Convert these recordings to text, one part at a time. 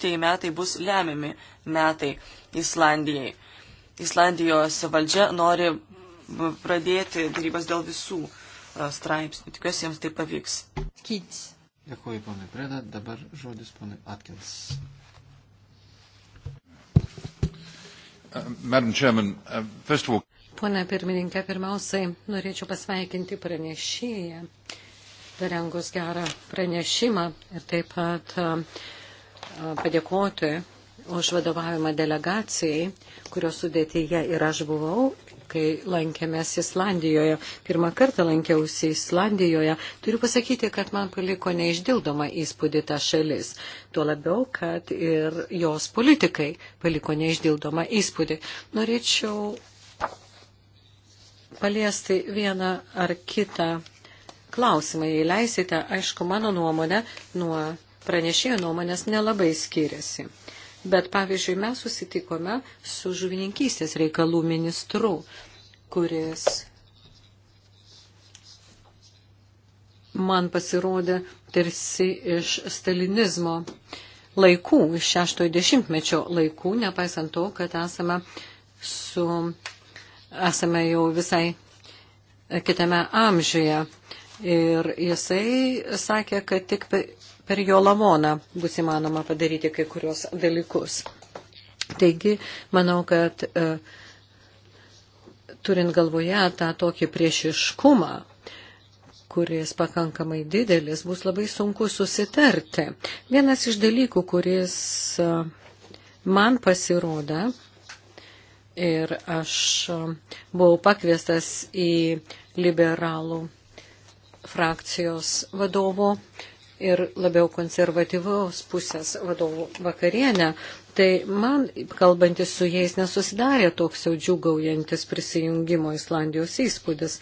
2013 metai bus lemiami metai Islandijai. Islandijos valdžia nori pradėti darybas dėl visų e, straipsnių. Tikiuosi, jiems tai pavyks. Kits. Dėkuoju, ponai Preda. Dabar žodis ponai Atkins. Uh, uh, Pone pirmininkė, pirmiausiai norėčiau pasveikinti pranešėją, parengus gerą pranešimą ir taip pat uh, padėkoti už vadovavimą delegacijai, kurios sudėtyje ir aš buvau, kai lankėmės Islandijoje. Pirmą kartą lankiausi Islandijoje. Turiu pasakyti, kad man paliko neišdildomą įspūdį ta šalis. Tuo labiau, kad ir jos politikai paliko neišdildomą įspūdį. Norėčiau paliesti vieną ar kitą klausimą, jei leisite, aišku, mano nuomonę nuo pranešėjo nuomonės nelabai skiriasi. Bet, pavyzdžiui, mes susitikome su žuvininkystės reikalų ministru, kuris man pasirodė tarsi iš stalinizmo laikų, iš šeštojo dešimtmečio laikų, nepaisant to, kad esame, su, esame jau visai kitame amžiuje. Ir jisai sakė, kad tik per jo lamoną bus įmanoma padaryti kai kurios dalykus. Taigi, manau, kad e, turint galvoje tą tokį priešiškumą, kuris pakankamai didelis, bus labai sunku susitarti. Vienas iš dalykų, kuris e, man pasirodo, ir aš e, buvau pakviestas į liberalų frakcijos vadovo ir labiau konservatyvaus pusės vadovų vakarienę, tai man, kalbantis su jais, nesusidarė toks jau džiugaujantis prisijungimo Islandijos įspūdis.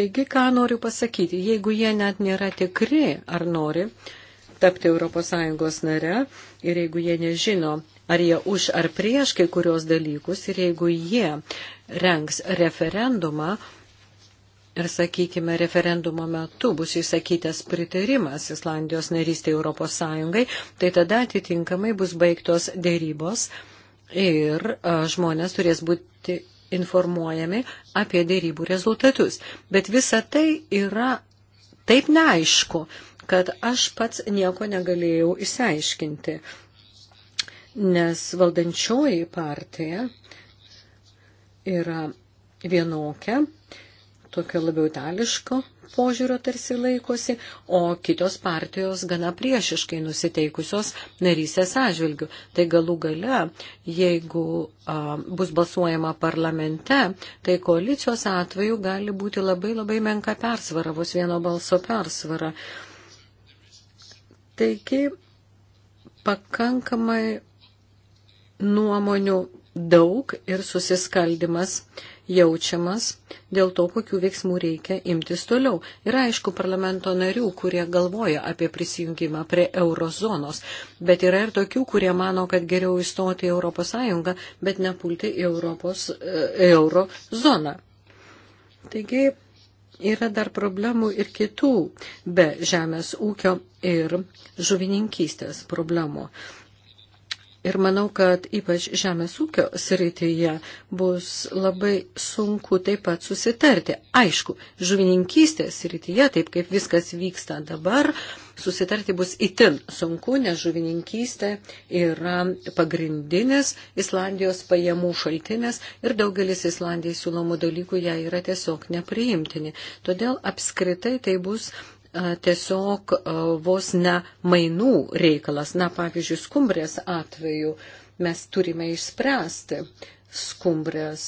Taigi, ką noriu pasakyti, jeigu jie net nėra tikri, ar nori tapti ES nare ir jeigu jie nežino, ar jie už ar prieš kai kurios dalykus ir jeigu jie rengs referendumą, ir, sakykime, referendumo metu bus įsakytas pritarimas Islandijos narystė Europos Sąjungai, tai tada atitinkamai bus baigtos dėrybos ir žmonės turės būti informuojami apie dėrybų rezultatus. Bet visa tai yra taip neaišku, kad aš pats nieko negalėjau įsiaiškinti, nes valdančioji partija yra vienokia tokio labiau itališko požiūrio tarsi laikosi, o kitos partijos gana priešiškai nusiteikusios narysės atžvilgių. Tai galų gale, jeigu a, bus balsuojama parlamente, tai koalicijos atveju gali būti labai labai menka persvara, vos vieno balso persvara. Taigi, pakankamai nuomonių daug ir susiskaldimas jaučiamas dėl to, kokių veiksmų reikia imtis toliau. Yra aišku parlamento narių, kurie galvoja apie prisijungimą prie eurozonos, bet yra ir tokių, kurie mano, kad geriau įstoti į Europos Sąjungą, bet nepulti į Europos e, eurozoną. Taigi yra dar problemų ir kitų be žemės ūkio ir žuvininkystės problemų. Ir manau, kad ypač žemės ūkio srityje bus labai sunku taip pat susitarti. Aišku, žuvininkystės srityje, taip kaip viskas vyksta dabar, susitarti bus itin sunku, nes žuvininkystė yra pagrindinis Islandijos pajamų šaltinis ir daugelis Islandijai siūlomų dalykų ją yra tiesiog nepriimtini. Todėl apskritai tai bus tiesiog vos ne mainų reikalas. Na, pavyzdžiui, skumbrės atveju mes turime išspręsti skumbrės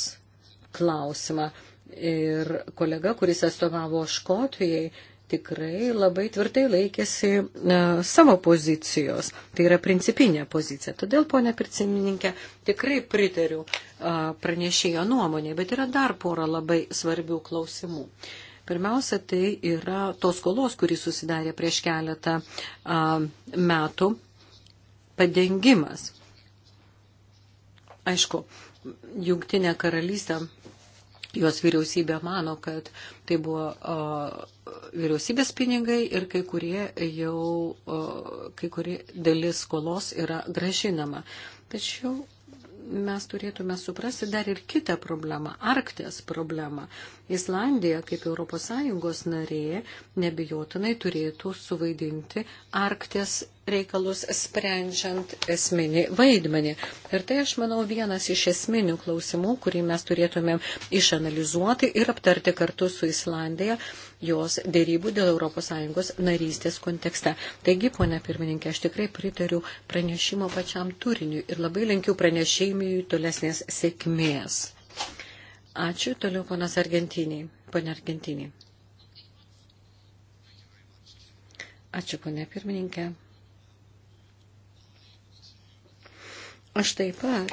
klausimą. Ir kolega, kuris atstovavo Škotijai, tikrai labai tvirtai laikėsi e, savo pozicijos. Tai yra principinė pozicija. Todėl, ponė pircimininkė, tikrai pritariu e, pranešėjo nuomonė, bet yra dar pora labai svarbių klausimų. E, Pirmiausia, tai yra tos skolos, kuri susidarė prieš keletą a, metų padengimas. Aišku, jungtinė karalystė, jos vyriausybė mano, kad tai buvo a, vyriausybės pinigai ir kai kurie jau, a, kai kurie dalis skolos yra gražinama. Tačiau mes turėtume suprasti dar ir kitą problemą - Arktės problemą. Islandija, kaip ES narė, nebijotinai turėtų suvaidinti Arktės reikalus sprendžiant esminį vaidmenį. Ir tai, aš manau, vienas iš esminių klausimų, kurį mes turėtumėm išanalizuoti ir aptarti kartu su Islandija jos dėrybų dėl ES narystės kontekste. Taigi, ponia pirmininkė, aš tikrai pritariu pranešimo pačiam turiniu ir labai linkiu pranešėjimui tolesnės sėkmės. Ačiū, toliau ponas Argentiniai. Pone Argentiniai. Ačiū, ponia pirmininkė. Aš taip pat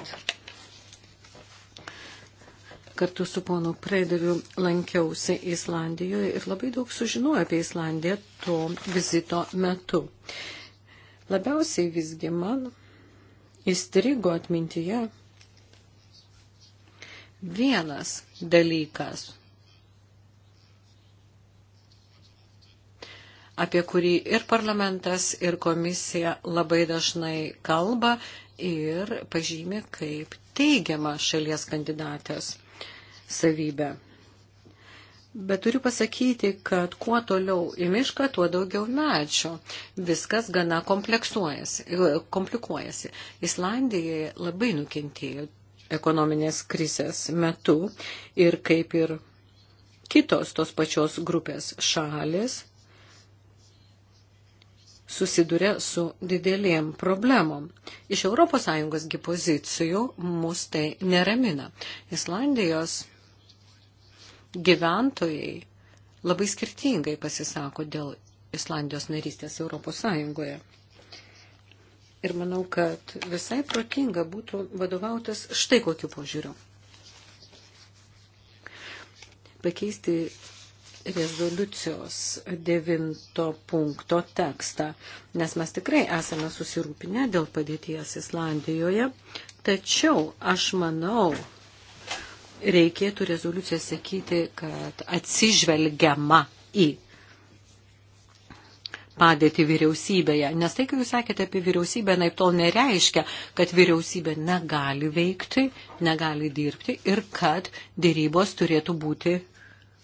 kartu su ponu Preideriu lankiausi Islandijoje ir labai daug sužinojau apie Islandiją to vizito metu. Labiausiai visgi man įstrigo atmintyje vienas dalykas, apie kurį ir parlamentas, ir komisija labai dažnai kalba ir pažymė kaip teigiamą šalies kandidatės savybę. Bet turiu pasakyti, kad kuo toliau į mišką, tuo daugiau medžių. Viskas gana e, komplikuojasi. Islandija labai nukentėjo ekonominės krizės metu ir kaip ir kitos tos pačios grupės šalis susiduria su didelėm problemom. Iš ES pozicijų mus tai neramina. Islandijos gyventojai labai skirtingai pasisako dėl Islandijos narystės ES. Ir manau, kad visai protinga būtų vadovautas štai kokiu požiūriu. Pakeisti rezoliucijos devinto punkto tekstą, nes mes tikrai esame susirūpinę dėl padėties Islandijoje, tačiau aš manau, reikėtų rezoliuciją sakyti, kad atsižvelgiama į padėti vyriausybėje. Nes tai, kai jūs sakėte apie vyriausybę, naip tol nereiškia, kad vyriausybė negali veikti, negali dirbti ir kad dėrybos turėtų būti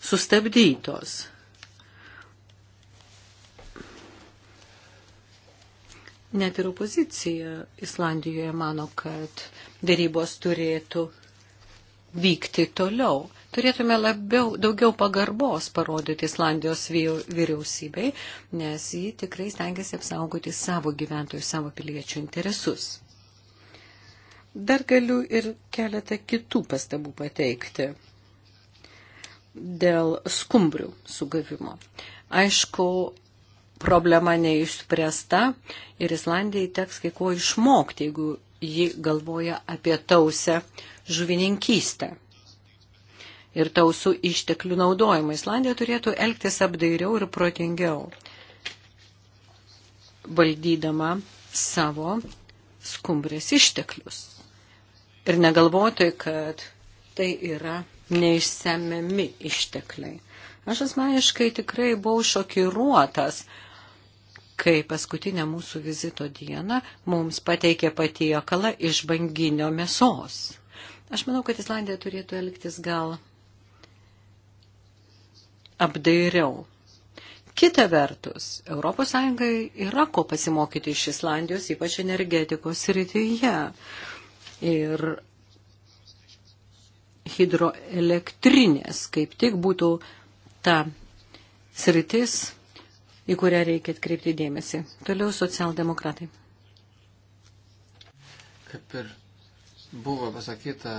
sustabdytos. Net ir opozicija Islandijoje mano, kad dėrybos turėtų vykti toliau. Turėtume labiau, daugiau pagarbos parodyti Islandijos vyriausybei, nes ji tikrai stengiasi apsaugoti savo gyventojų, savo piliečių interesus. Dar galiu ir keletą kitų pastabų pateikti dėl skumbrių sugavimo. Aišku, problema neišspręsta ir Islandijai teks kai ko išmokti, jeigu ji galvoja apie tausią žuvininkystę ir tausų išteklių naudojimą. Islandija turėtų elgtis apdairiau ir protingiau, valdydama savo skumbrės išteklius. Ir negalvoti, kad tai yra neišsemiami ištekliai. Aš asmeniškai tikrai buvau šokiruotas, kai paskutinę mūsų vizito dieną mums pateikė patiekalą iš banginio mėsos. Aš manau, kad Islandija turėtų elgtis gal apdairiau. Kita vertus, ES yra ko pasimokyti iš Islandijos, ypač energetikos rytyje. Ir hidroelektrinės, kaip tik būtų ta sritis, į kurią reikia atkreipti dėmesį. Toliau socialdemokratai. Kaip ir buvo pasakyta,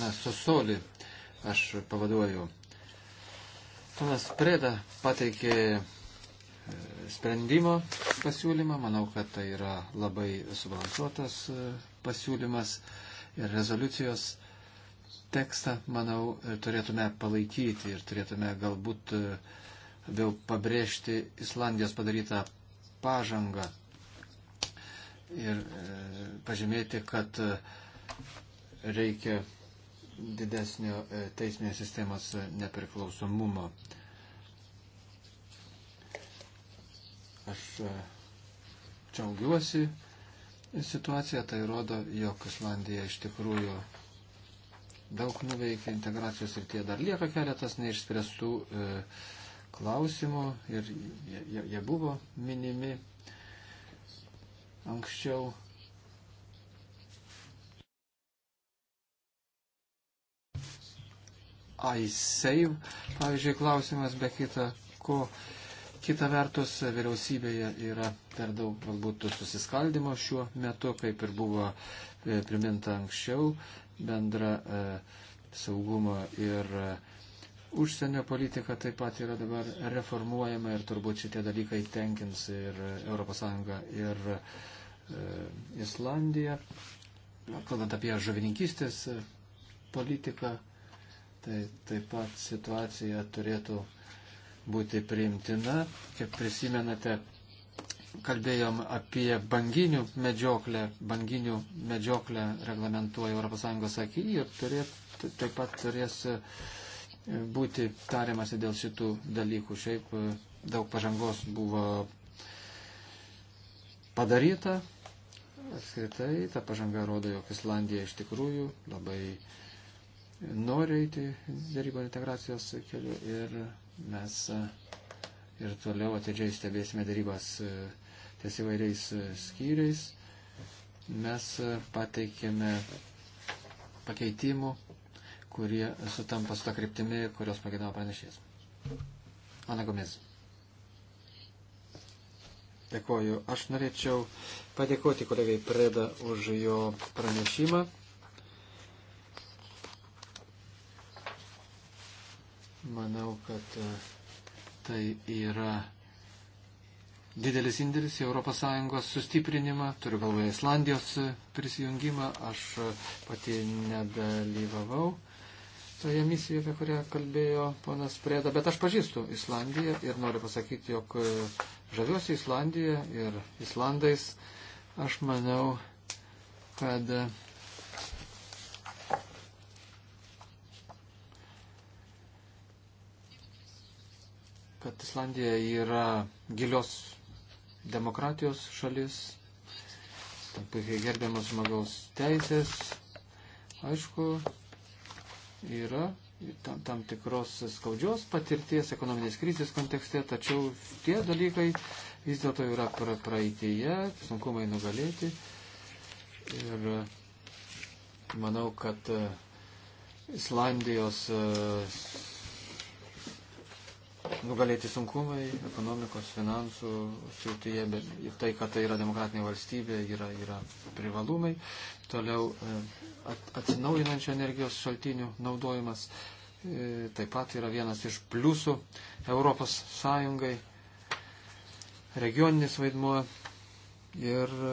na, susoli, aš pavaduoju. Tomas Preda pateikė e, sprendimo pasiūlymą, manau, kad tai yra labai subalansuotas e, pasiūlymas ir rezoliucijos tekstą, manau, e, turėtume palaikyti ir turėtume galbūt e, vėl pabrėžti Islandijos padarytą pažangą ir e, pažymėti, kad reikia didesnio teisminės sistemos nepriklausomumo. Aš džiaugiuosi situaciją, tai rodo, jog Islandija iš tikrųjų daug nuveikė integracijos ir tie dar lieka keletas neišspręstų e, klausimų ir jie, jie buvo minimi anksčiau. iSave, pavyzdžiui, klausimas be kita, ko kita vertus vyriausybėje yra per daug galbūt susiskaldimo šiuo metu, kaip ir buvo e, priminta anksčiau, bendrą e, saugumo ir e, užsienio politika taip pat yra dabar reformuojama ir turbūt šitie dalykai tenkins ir ES ir e, Islandija. Kalbant apie žuvininkystės politiką, tai taip pat situacija turėtų būti priimtina. Kaip prisimenate, kalbėjom apie banginių medžioklę, banginių medžioklę reglamentuoja ES akį ir turėt, taip pat turės e, būti tariamasi dėl šitų dalykų. Šiaip e, daug pažangos buvo padaryta. Apskritai, ta pažanga rodo, jog Islandija iš tikrųjų labai nori eiti dėrybo integracijos keliu ir mes e, ir toliau atidžiai stebėsime darybas e, ties įvairiais e, skyriais. Mes e, pateikėme pakeitimų, kurie sutampa su tą kryptimi, kurios pagėdavo pranešės. Ana Gomis. Dėkoju. Aš norėčiau padėkoti kolegai Preda už jo pranešimą. Manau, kad uh, Tai yra didelis indėlis į ES sustiprinimą, turiu galvoje Islandijos prisijungimą, aš pati nedalyvavau toje misijoje, apie kurią kalbėjo ponas Preda, bet aš pažįstu Islandiją ir noriu pasakyti, jog e, žaviuosi Islandiją ir Islandais. Aš manau, kad kad Islandija yra gilios demokratijos šalis, ten puikiai gerbiamas žmogaus teisės. Aišku, yra tam, tam tikros skaudžios patirties ekonominės krizės kontekste, tačiau tie dalykai vis dėlto yra pra, praeitėje, sunkumai nugalėti. Ir e, manau, kad e, Islandijos e, nugalėti sunkumai ekonomikos, finansų srityje, bet ir tai, kad tai yra demokratinė valstybė, yra, yra privalumai. Toliau e, at, atsinaujinančio energijos šaltinių naudojimas e, taip pat yra vienas iš pliusų Europos Sąjungai. Regioninis vaidmuo ir e,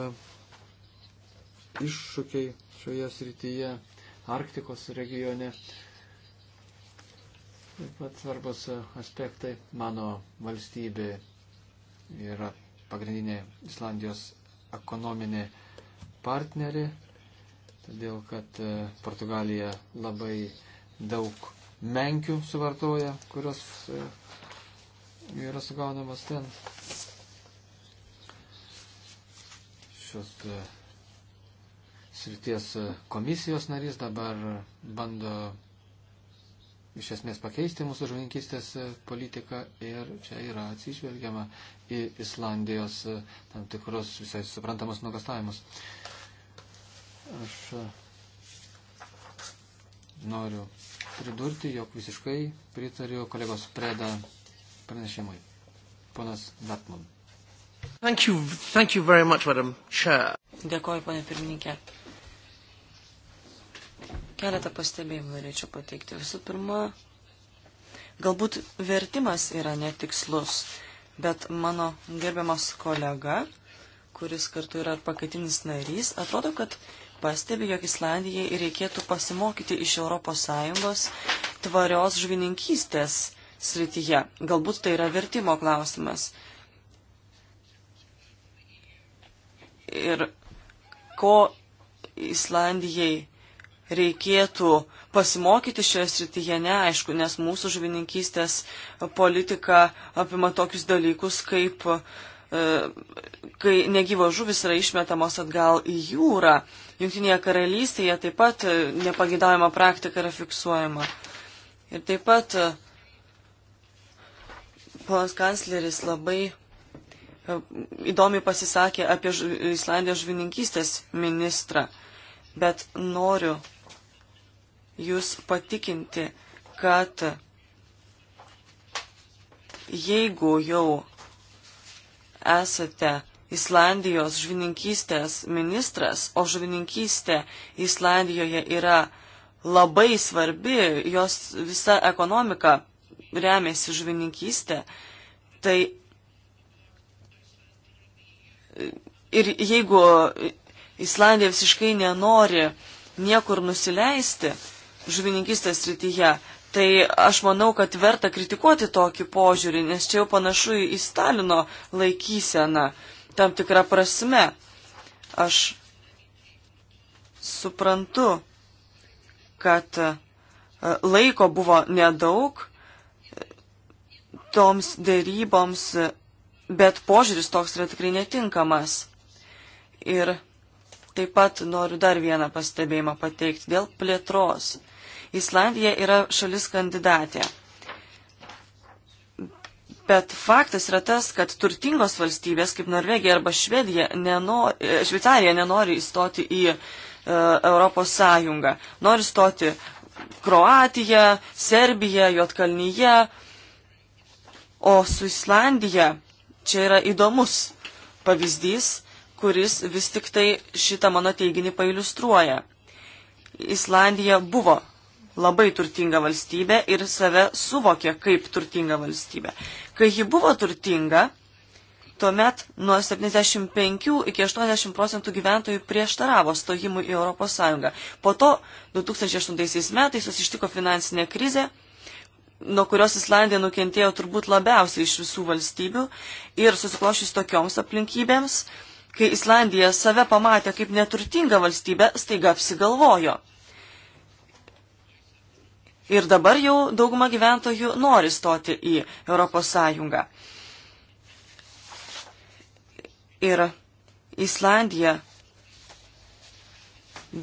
iššūkiai šioje srityje Arktikos regione. Taip pat svarbus aspektai mano valstybė yra pagrindinė Islandijos ekonominė partnerė, todėl kad e, Portugalija labai daug menkių suvartoja, kurios e, yra sugaunamas ten. Šios e, srities komisijos narys dabar bando iš esmės pakeisti mūsų žuvininkystės e, politiką ir čia yra atsižvelgiama į Islandijos e, tam tikrus visai suprantamus nuogastavimus. Aš e, noriu pridurti, jog visiškai pritariu kolegos Preda pranešimui. Ponas Datmon. Thank you, thank you very much, Madam Chair. Dėkoju, ponė pirmininkė. Keletą pastebėjimų norėčiau pateikti. Visų pirma, galbūt vertimas yra netikslus, bet mano gerbiamas kolega, kuris kartu yra pakaitinis narys, atrodo, kad pastebi, jog Islandijai reikėtų pasimokyti iš ES tvarios žvininkystės srityje. Galbūt tai yra vertimo klausimas. Ir ko Islandijai reikėtų pasimokyti šioje srityje, neaišku, nes mūsų žuvininkystės politika apima tokius dalykus, kaip e, kai negyvo žuvis yra išmetamos atgal į jūrą. Junktinėje karalystėje taip pat e, nepagidaujama praktika yra fiksuojama. Ir taip pat e, ponas kancleris labai įdomiai pasisakė apie Islandijos žuvininkystės ministrą. Bet noriu jūs patikinti, kad jeigu jau esate Islandijos žvininkystės ministras, o žvininkystė Islandijoje yra labai svarbi, jos visa ekonomika remiasi žvininkystė, tai ir jeigu Islandija visiškai nenori niekur nusileisti, žuvininkistės srityje. Tai aš manau, kad verta kritikuoti tokį požiūrį, nes čia jau panašu į Stalino laikyseną tam tikrą prasme. Aš suprantu, kad e, laiko buvo nedaug toms dėryboms, bet požiūris toks yra tikrai netinkamas. Ir taip pat noriu dar vieną pastebėjimą pateikti dėl plėtros Islandija yra šalis kandidatė. Bet faktas yra tas, kad turtingos valstybės kaip Norvegija arba Švedija nenori, e, Šveicarija nenori įstoti į e, Europos Sąjungą. Nori stoti Kroatija, Serbija, Jotkalnyje. O su Islandija čia yra įdomus pavyzdys, kuris vis tik tai šitą mano teiginį pailustruoja. Islandija buvo labai turtinga valstybė ir save suvokė kaip turtinga valstybė. Kai ji buvo turtinga, tuomet nuo 75 iki 80 procentų gyventojų prieštaravo stojimui į ES. Po to 2008 metais susištiko finansinė krizė, nuo kurios Islandija nukentėjo turbūt labiausiai iš visų valstybių ir susiklošys tokioms aplinkybėms, kai Islandija save pamatė kaip neturtingą valstybę, staiga apsigalvojo. Ir dabar jau dauguma gyventojų nori stoti į Europos Sąjungą. Ir Islandija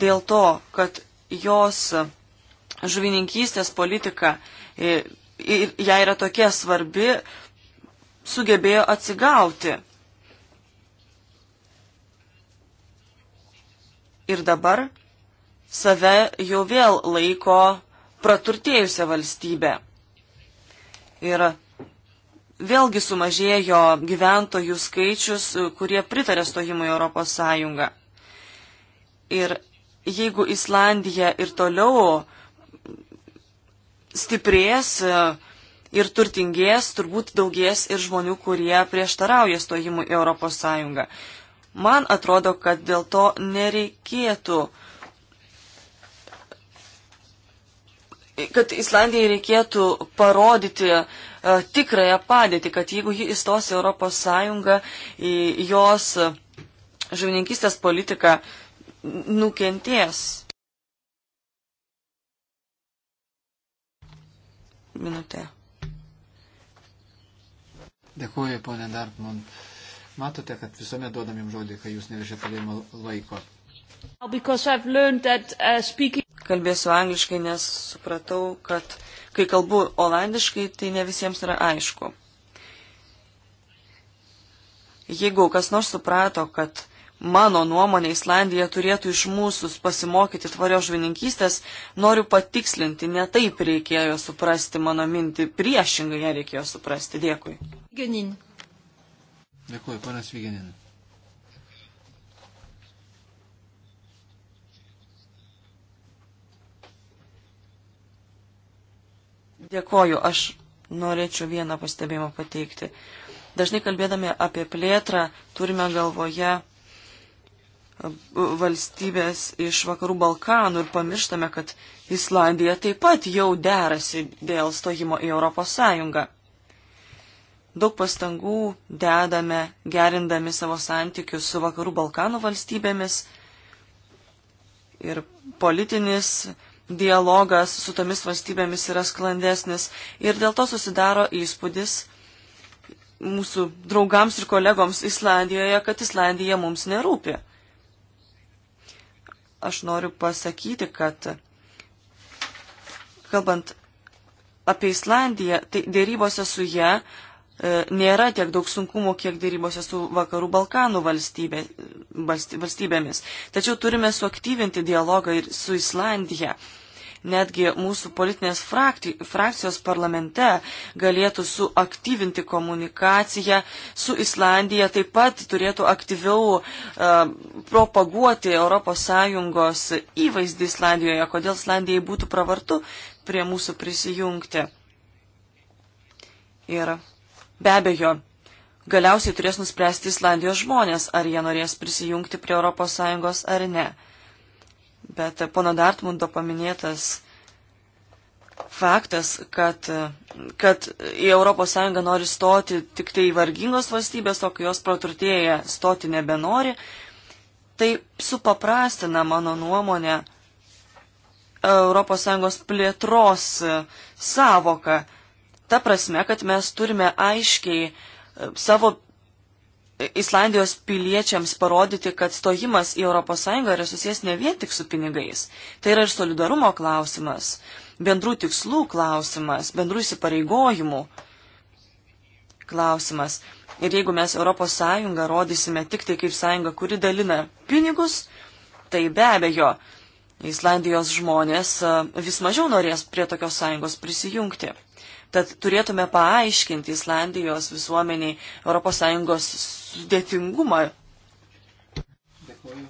dėl to, kad jos žuvininkystės politika, jai e, yra tokia svarbi, sugebėjo atsigauti. Ir dabar save jau vėl laiko praturtėjusią valstybę. Ir vėlgi sumažėjo gyventojų skaičius, kurie pritarė stojimui Europos Sąjungą. Ir jeigu Islandija ir toliau stiprės ir turtingės, turbūt daugės ir žmonių, kurie prieštarauja stojimui Europos Sąjungą. Man atrodo, kad dėl to nereikėtų uh, kad Islandijai reikėtų parodyti uh, tikrąją padėtį, kad jeigu ji įstos į Europos Sąjungą, jos žuvininkistės politika nukenties. Minutė. Dėkuoju, ponė Dartmon. Matote, kad visuomet duodam jums žodį, kai jūs neviršėte laiko. Because I've learned that uh, speaking kalbėsiu angliškai, nes supratau, kad kai kalbu olandiškai, tai ne visiems yra aišku. Jeigu kas nors suprato, kad mano nuomonė Islandija turėtų iš mūsų pasimokyti tvarios žvininkystės, noriu patikslinti, ne taip reikėjo suprasti mano mintį, priešingai ją reikėjo suprasti. Dėkui. Genin. Dėkui, panas Vigenin. Dėkoju, aš norėčiau vieną pastebėjimą pateikti. Dažnai kalbėdami apie plėtrą turime galvoje e, valstybės iš vakarų Balkanų ir pamirštame, kad Islandija taip pat jau derasi dėl stojimo į Europos Sąjungą. Daug pastangų dedame, gerindami savo santykius su vakarų Balkanų valstybėmis ir politinis dialogas su tomis valstybėmis yra sklandesnis ir dėl to susidaro įspūdis mūsų draugams ir kolegoms Islandijoje, kad Islandija mums nerūpi. Aš noriu pasakyti, kad kalbant apie Islandiją, tai dėrybose su ją E, nėra tiek daug sunkumų, kiek dėrybose su Vakarų Balkanų valstybė, valstybėmis. Tačiau turime suaktyvinti dialogą ir su Islandija. Netgi mūsų politinės frakti, frakcijos parlamente galėtų suaktyvinti komunikaciją su Islandija, taip pat turėtų aktyviau uh, propaguoti ES įvaizdį Islandijoje, kodėl Islandijai būtų pravartu prie mūsų prisijungti. Ir Be abejo, galiausiai turės nuspręsti Islandijos žmonės, ar jie norės prisijungti prie ES ar ne. Bet e, pono Dartmundo paminėtas faktas, kad, e, kad į ES nori stoti tik tai vargingos valstybės, o kai jos praturtėja stoti nebenori, tai supaprastina mano nuomonę ES plėtros e, savoką Ta prasme, kad mes turime aiškiai e, savo Islandijos piliečiams parodyti, kad stojimas į ES yra susijęs ne vien tik su pinigais. Tai yra ir solidarumo klausimas, bendrų tikslų klausimas, bendrų įsipareigojimų klausimas. Ir jeigu mes ES rodysime tik tai kaip sąjunga, kuri dalina pinigus, tai be abejo, Islandijos žmonės e, vis mažiau norės prie tokios sąjungos prisijungti. Tad turėtume paaiškinti Islandijos visuomeniai ES sudėtingumą. Dėkuoju.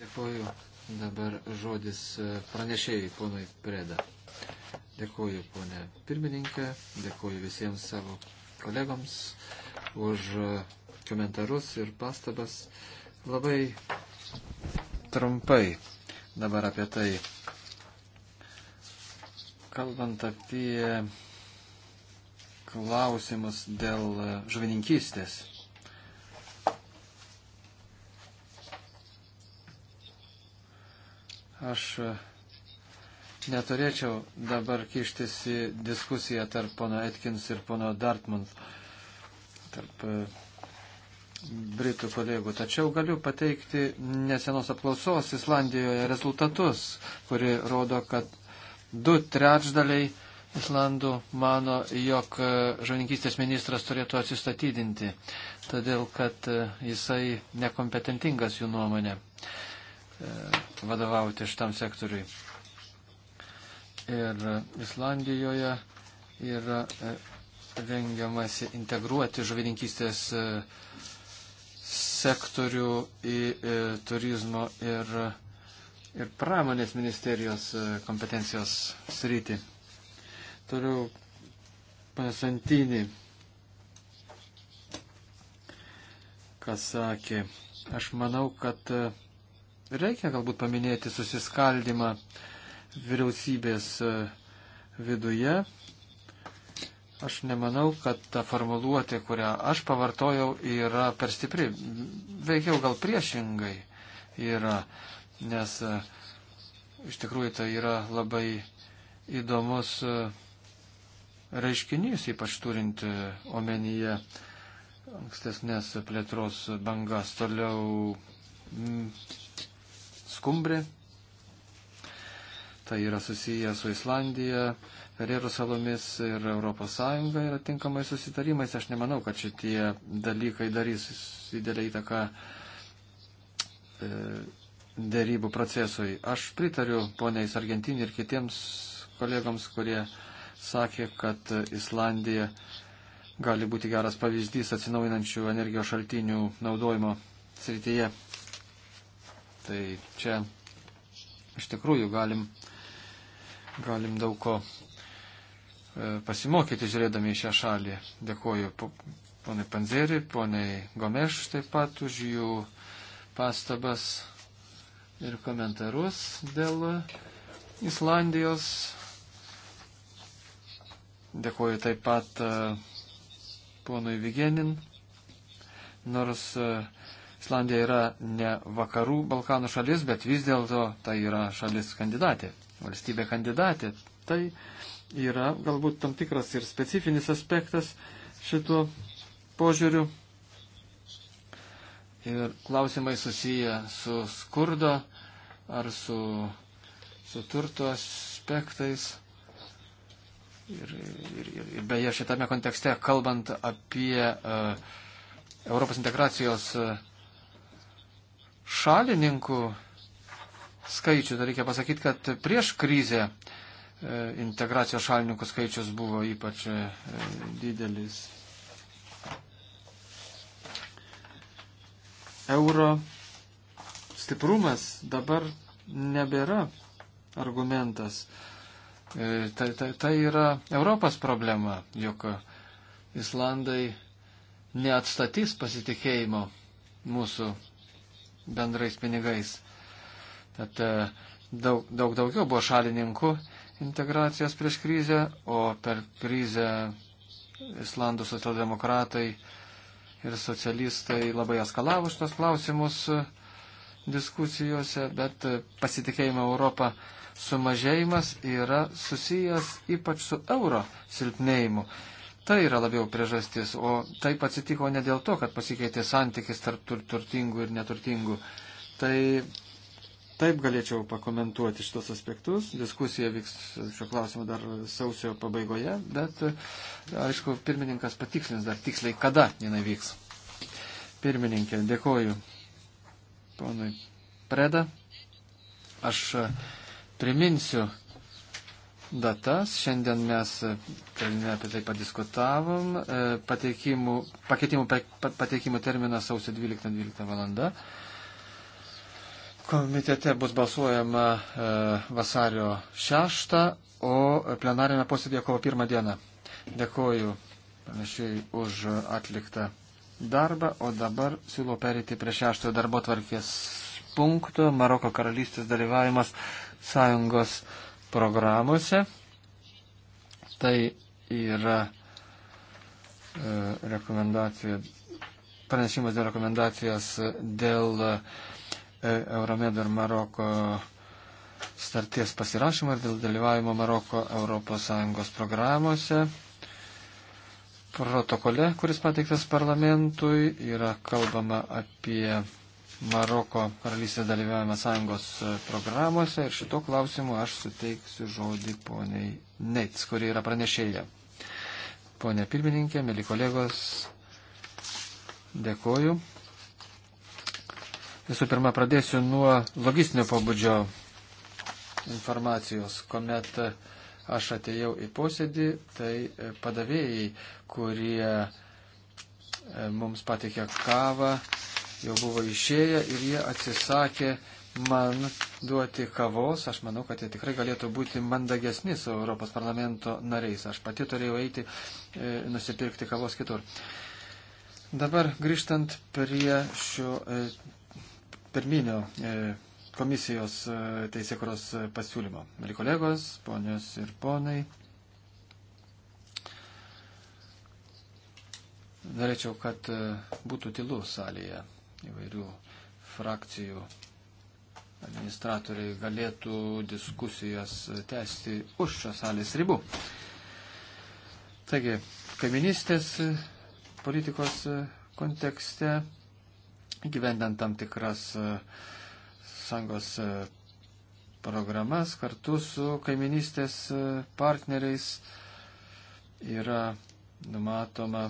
Dėkuoju. Dabar žodis e, pranešėjai, ponui Preda. Dėkuoju, ponė pirmininkė, dėkuoju visiems savo kolegoms už e, komentarus ir pastabas. Labai trumpai dabar apie tai, Kalbant apie klausimus dėl žuvininkystės. Aš neturėčiau dabar kištis į diskusiją tarp pono Atkins ir pono Dartmouth, tarp e, Britų kolegų. Tačiau galiu pateikti nesenos apklausos Islandijoje rezultatus, kuri rodo, kad Du trečdaliai Islandų mano, jog e, žuvininkystės ministras turėtų atsistatydinti, todėl kad e, jisai nekompetentingas jų nuomonė e, vadovauti šitam sektoriui. Ir Islandijoje yra rengiamasi integruoti žuvininkystės sektorių į turizmo ir ir pramonės ministerijos e, kompetencijos sritį. Toliau pasantinį, kas sakė, aš manau, kad e, reikia galbūt paminėti susiskaldimą vyriausybės e, viduje. Aš nemanau, kad ta formuluotė, kurią aš pavartojau, yra per stipri. Veikiau gal priešingai yra. Uh, nes e, iš tikrųjų tai yra labai įdomus e, reiškinys, ypač turint e, omenyje ankstesnės plėtros bangas toliau skumbrė. Tai yra susiję su Islandija, Ferrero salomis ir Europos Sąjunga yra tinkamai susitarimais. Aš nemanau, kad šitie dalykai darys didelį įtaką e, dėrybų procesui. Aš pritariu poniais Argentinį ir kitiems kolegams, kurie sakė, kad Islandija gali būti geras pavyzdys atsinaujinančių energijos šaltinių naudojimo srityje. Tai čia iš tikrųjų galim, galim daug ko e, pasimokyti žiūrėdami į šią šalį. Dėkuoju ponai Panzeri, ponai Gomeš taip pat už jų pastabas ir komentarus dėl Islandijos. Dėkuoju taip pat e, ponui Vigenin. Nors e, Islandija yra ne vakarų Balkanų šalis, bet vis dėlto tai yra šalis kandidatė, valstybė kandidatė. Tai yra galbūt tam tikras ir specifinis aspektas šituo požiūriu ir klausimai susiję su skurdo ar su, su turto aspektais. Ir, ir, ir, ir beje, šitame kontekste, kalbant apie uh, Europos integracijos uh, šalininkų skaičių, tai reikia pasakyti, kad prieš krizę uh, integracijos šalininkų skaičius buvo ypač uh, didelis. euro stiprumas dabar nebėra argumentas. E, tai, tai, tai yra Europos problema, jog Islandai neatstatys pasitikėjimo mūsų bendrais pinigais. Tad e, daug, daug daugiau buvo šalininkų integracijos prieš krizę, o per krizę Islandų socialdemokratai uh, ir socialistai labai eskalavo šitos klausimus e, diskusijose, bet e, pasitikėjimo Europą sumažėjimas yra susijęs ypač su euro silpnėjimu. Tai yra labiau priežastis, o taip atsitiko ne dėl to, kad pasikeitė santykis tarp tur turtingų ir neturtingų. Tai Taip galėčiau pakomentuoti šitos aspektus. Diskusija vyks šio klausimo dar sausio pabaigoje, bet aišku, pirmininkas patikslins dar tiksliai, kada jinai vyks. Pirmininkė, dėkoju ponui Preda. Aš priminsiu datas. Šiandien mes apie tai padiskutavom. E, pateikimų, pakeitimų pateikimų terminas sausio 12-12 valanda. 12 Komitete bus balsuojama e, vasario 6, o plenarinė posėdė kovo 1 dieną. Dėkoju panašiai už atliktą darbą, o dabar siūlau perėti prie šeštojo darbo tvarkės punkto Maroko karalystės dalyvavimas sąjungos programuose. Tai yra e, rekomendacija, pranešimas dėl rekomendacijos dėl e, E, Euromed ir Maroko starties pasirašymą ir dėl dalyvavimo Maroko ES programuose. Protokole, kuris pateiktas parlamentui, yra kalbama apie Maroko karalystės dalyvavimą sąjungos programuose ir šito klausimu aš suteiksiu žodį poniai Neits, kuri yra pranešėja. Pone pirmininkė, mėly kolegos, dėkoju. Visų pirma, pradėsiu nuo logistinio pobūdžio informacijos, kuomet aš atėjau į posėdį, tai padavėjai, kurie e, mums patikė kavą, jau buvo išėję ir jie atsisakė man duoti kavos. Aš manau, kad jie tikrai galėtų būti mandagesni su Europos parlamento nariais. Aš pati turėjau eiti e, nusipirkti kavos kitur. Dabar grįžtant prie šio e, pirminio e, komisijos e, teisėkuros pasiūlymo. Mėly kolegos, ponios ir ponai, norėčiau, kad e, būtų tylu salėje įvairių frakcijų administratoriai galėtų diskusijas tęsti už šios salės ribų. Taigi, kaiminystės politikos kontekste gyvendant tam tikras e, sąjungos e, programas kartu su kaiminystės e, partneriais yra numatoma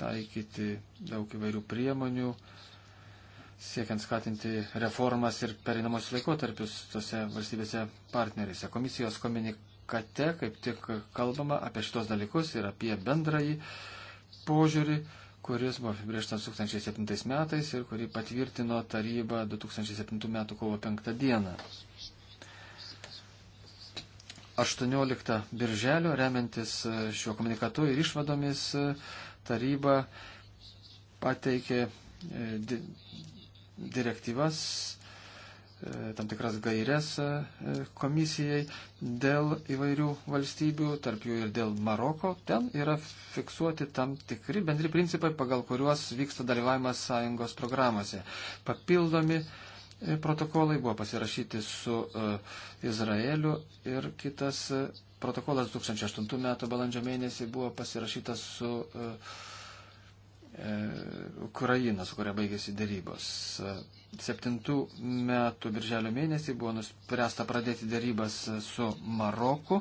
taikyti daug įvairių priemonių, siekiant skatinti reformas ir perinamos laikotarpius tose valstybėse partnerėse. Komisijos komunikate kaip tik kalbama apie šitos dalykus ir apie bendrąjį požiūrį kuris buvo apibrieštas 2007 metais ir kurį patvirtino taryba 2007 metų kovo 5 dieną. 18 birželio, remiantis e, šiuo komunikatu ir išvadomis, e, taryba pateikė e, di direktyvas tam tikras gairias e, komisijai dėl įvairių valstybių, tarp jų ir dėl Maroko. Ten yra fiksuoti tam tikri bendri principai, pagal kuriuos vyksta dalyvavimas sąjungos programuose. Papildomi e, protokolai buvo pasirašyti su e, Izraeliu ir kitas protokolas 2008 metų balandžio mėnesį buvo pasirašytas su Ukraina, su kuria baigėsi dėrybos. 2007 metų birželio mėnesį buvo nuspręsta pradėti darybas su Maroku.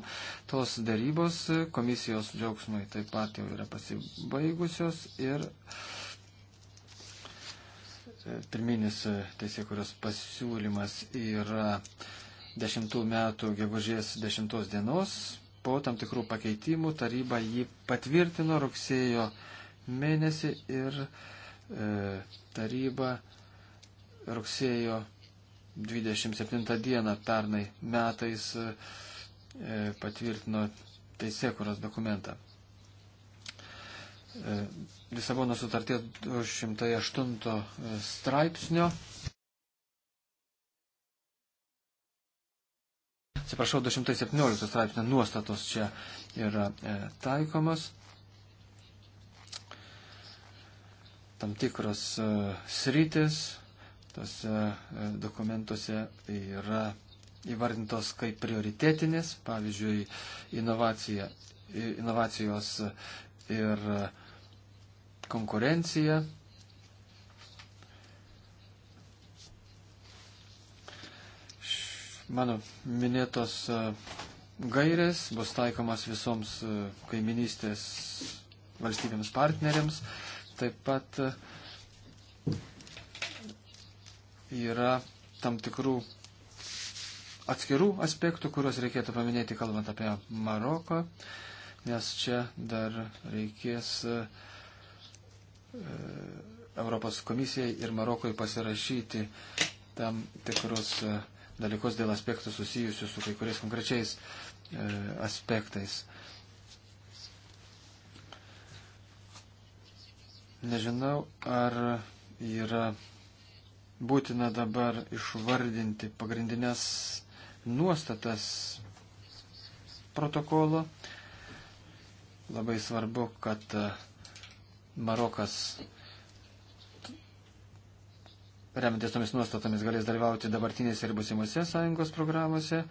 Tos darybos komisijos džiaugsmai taip pat jau yra pasibaigusios ir e, pirminis teisėkurios pasiūlymas yra 10 metų gegužės 10 dienos. Po tam tikrų pakeitimų taryba jį patvirtino rugsėjo mėnesį ir e, taryba rugsėjo 27 dieną pernai metais e, patvirtino teisėkuros dokumentą. E, Lisabono sutarties 208 e, straipsnio. Atsiprašau, 217 straipsnio nuostatos čia yra taikomas. Tam tikros sritis, tose e, dokumentuose tai yra įvardintos kaip prioritetinės, pavyzdžiui, inovacija, inovacijos ir konkurencija. Mano minėtos e, gairės bus taikomas visoms e, kaiminystės valstybėms partneriams. Taip pat uh, yra tam tikrų atskirų aspektų, kuriuos reikėtų paminėti, kalbant apie Maroką, nes čia dar reikės e, Europos komisijai ir Marokui pasirašyti tam tikrus e, dalykus dėl aspektų susijusių su kai kuriais konkrečiais e, aspektais. Nežinau, ar yra būtina dabar išvardinti pagrindinės nuostatas protokolo. Labai svarbu, kad e, Marokas remiantis tomis nuostatomis galės dalyvauti dabartinėse ir busimuose sąjungos programuose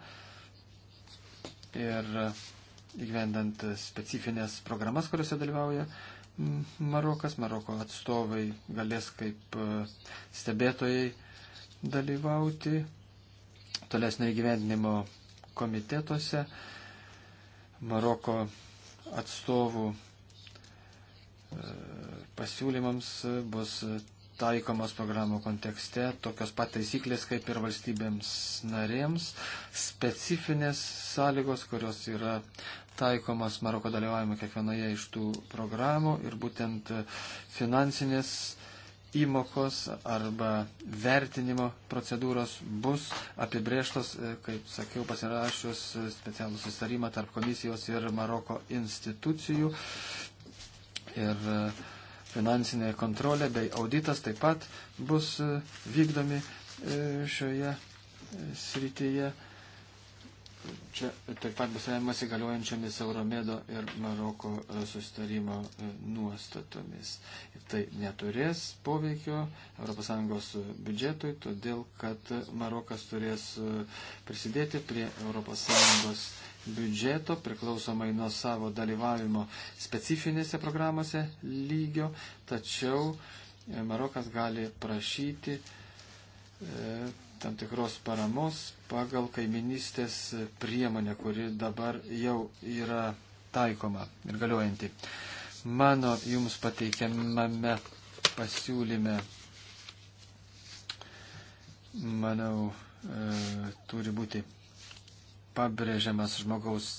ir e, įgyvendant specifines programas, kuriuose dalyvauja Marokas, Maroko atstovai galės kaip e, stebėtojai dalyvauti tolesnio įgyvendinimo komitetuose. Maroko atstovų e, pasiūlymams bus taikomos programų kontekste tokios pat taisyklės kaip ir valstybėms narėms, specifinės sąlygos, kurios yra taikomas Maroko dalyvavimo kiekvienoje iš tų programų ir būtent finansinės įmokos arba vertinimo procedūros bus apibrėžtos, e, kaip sakiau, pasirašius specialų sustarimą tarp komisijos ir Maroko institucijų. Ir e, finansinė kontrolė bei auditas taip pat bus e, vykdomi šioje srityje. Čia taip pat bus remiamasi galiojančiamis Euromedo ir Maroko e, sustarimo e, nuostatomis. Tai neturės poveikio ES biudžetui, todėl kad Marokas turės e, prisidėti prie ES biudžeto priklausomai nuo savo dalyvavimo specifinėse programuose lygio, tačiau Marokas gali prašyti tam tikros paramos pagal kaiminystės priemonę, kuri dabar jau yra taikoma ir galiojanti. Mano jums pateikiamame pasiūlyme, manau, e, turi būti pabrėžiamas žmogaus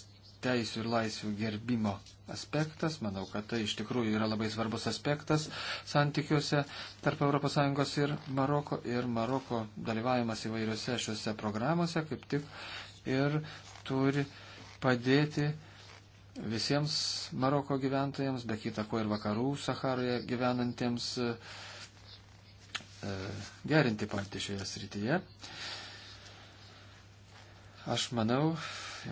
teisų ir laisvių gerbimo aspektas. Manau, kad tai iš tikrųjų yra labai svarbus aspektas santykiuose tarp ES ir Maroko. Ir Maroko dalyvavimas įvairiose šiuose programuose kaip tik ir turi padėti visiems Maroko gyventojams, be kita ko ir vakarų Saharoje gyvenantiems e, e gerinti patį šioje srityje. Aš manau,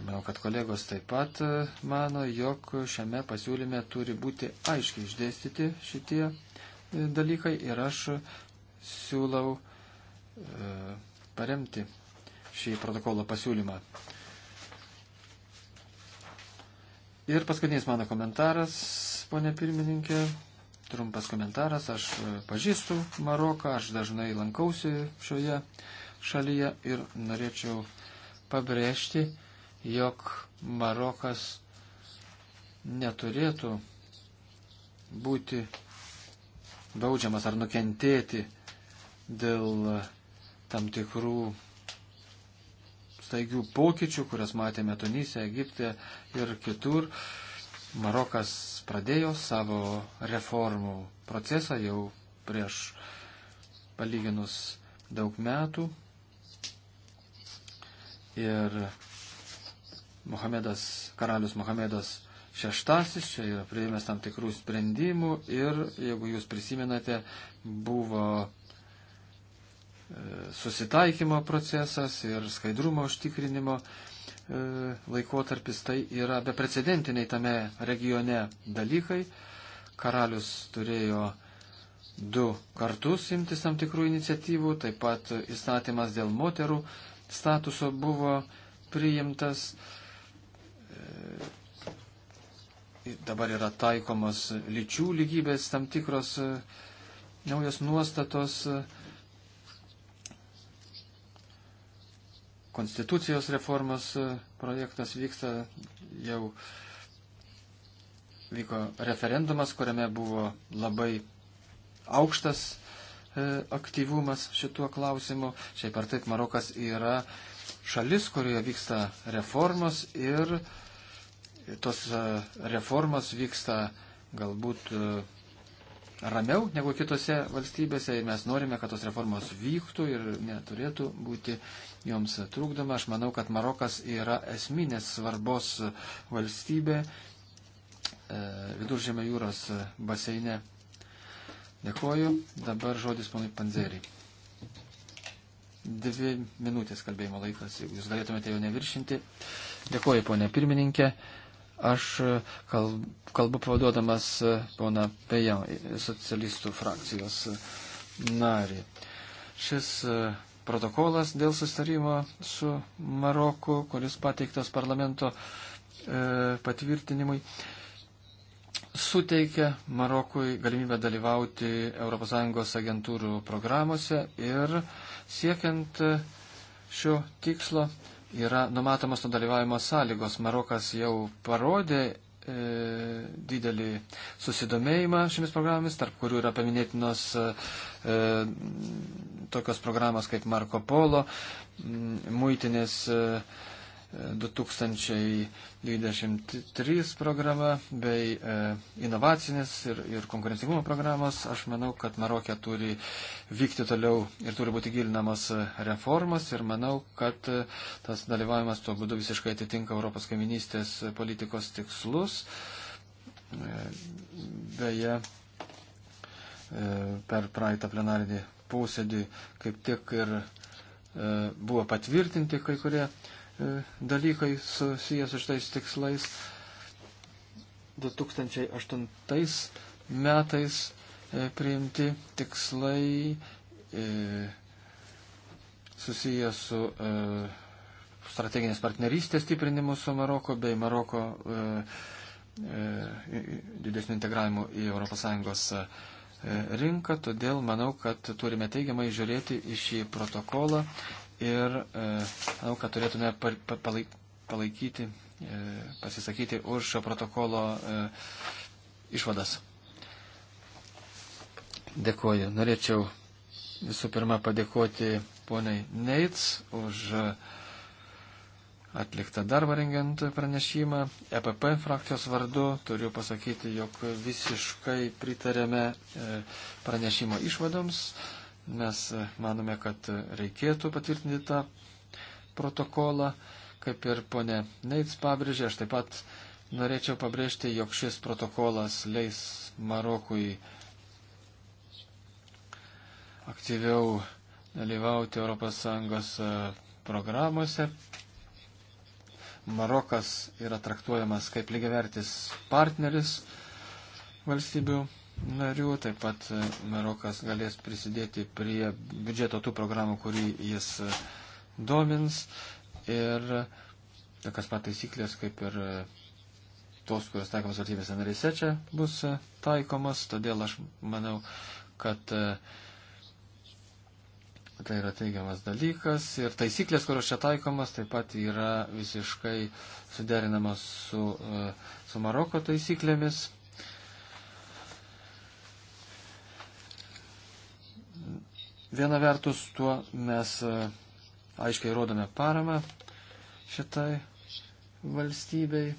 manau, kad kolegos taip pat e, mano, jog šiame pasiūlyme turi būti aiškiai išdėstyti šitie e, dalykai ir aš siūlau e, paremti šį protokolo pasiūlymą. Ir paskutinis mano komentaras, ponė pirmininkė, trumpas komentaras. Aš pažįstu Maroką, aš dažnai lankausi šioje šalyje ir norėčiau pabrėžti, jog Marokas neturėtų būti baudžiamas ar nukentėti dėl tam tikrų staigių pokyčių, kurias matėme Tunise, Egipte ir kitur. Marokas pradėjo savo reformų procesą jau prieš palyginus daug metų. Ir Mohamedas, karalius Mohamedas VI čia yra priėmęs tam tikrų sprendimų ir, jeigu jūs prisimenate, buvo e, susitaikymo procesas ir skaidrumo užtikrinimo e, laikotarpis. Tai yra beprecedentiniai tame regione dalykai. Karalius turėjo du kartus imtis tam tikrų iniciatyvų, taip pat įstatymas dėl moterų statuso buvo priimtas. E, E, dabar yra taikomos lyčių lygybės tam tikros e, naujos nuostatos. E, konstitucijos reformos projektas vyksta jau vyko referendumas, kuriame buvo labai aukštas aktyvumas šituo klausimu. Šiaip ar taip Marokas yra šalis, kurioje vyksta reformos ir uh, tos e, reformos vyksta galbūt e, ramiau negu kitose valstybėse ir mes norime, kad tos reformos vyktų ir neturėtų būti joms trūkdama. Aš manau, kad Marokas yra esminės svarbos valstybė e, viduržėme jūros baseine. Dėkoju. Dabar žodis ponui Panzerį. Dvi minutės kalbėjimo laikas, jeigu jūs galėtumėte jo neviršinti. Dėkoju, ponė pirmininkė. Uh, Aš e, kalbu pavaduodamas e, pona Pejan, socialistų frakcijos e, narį. Šis protokolas dėl sustarimo su Maroku, kuris pateiktas parlamento patvirtinimui, suteikia Marokui galimybę dalyvauti ES agentūrų programuose ir siekiant šio tikslo yra numatomos to dalyvavimo sąlygos. Marokas jau parodė e, didelį susidomėjimą šiomis programomis, tarp kurių yra paminėtinos e, tokios programos kaip Marko Polo, muitinės. E, 2023 programa bei e, inovacinės ir, ir konkurencingumo programos. Aš manau, kad Marokė turi vykti toliau ir turi būti gilinamas e, reformas ir manau, kad e, tas dalyvavimas tuo būdu visiškai atitinka Europos kaiminystės politikos tikslus. Beje, per praeitą plenarinį posėdį kaip tik ir buvo patvirtinti kai kurie E, dalykai susijęs su šitais tikslais. 2008 metais e, priimti tikslai e, susijęs su strateginės partnerystės stiprinimu su Maroko bei Maroko e, e, didesnių integravimų į ES rinką. Todėl manau, kad turime teigiamai žiūrėti į šį protokolą ir e, manau, kad turėtume palaikyti, e, pasisakyti už šio protokolo e, išvadas. Dėkuoju. Norėčiau visų pirma padėkoti poniai Neits už atliktą darbą rengiant pranešimą. EPP frakcijos vardu turiu pasakyti, jog visiškai pritarėme pranešimo išvadoms. Mes e, manome, kad e, reikėtų patvirtinti tą protokolą, kaip ir ponė Neits pabrėžė. Aš taip pat norėčiau pabrėžti, jog šis protokolas leis Marokui aktyviau dalyvauti ES e, programuose. Marokas yra traktuojamas kaip lygiavertis partneris valstybių narių, taip pat e, Marokas galės prisidėti prie biudžeto tų programų, kurį jis e, domins. Ir tokias pat taisyklės, kaip ir e, tos, kurios taikomas valstybėse narėse čia bus taikomas. Todėl aš manau, kad tai yra teigiamas dalykas. Ir taisyklės, kurios čia taikomas, taip pat yra visiškai suderinamas su, su Maroko taisyklėmis. Viena vertus, tuo mes e, aiškiai rodome paramą šitai valstybei.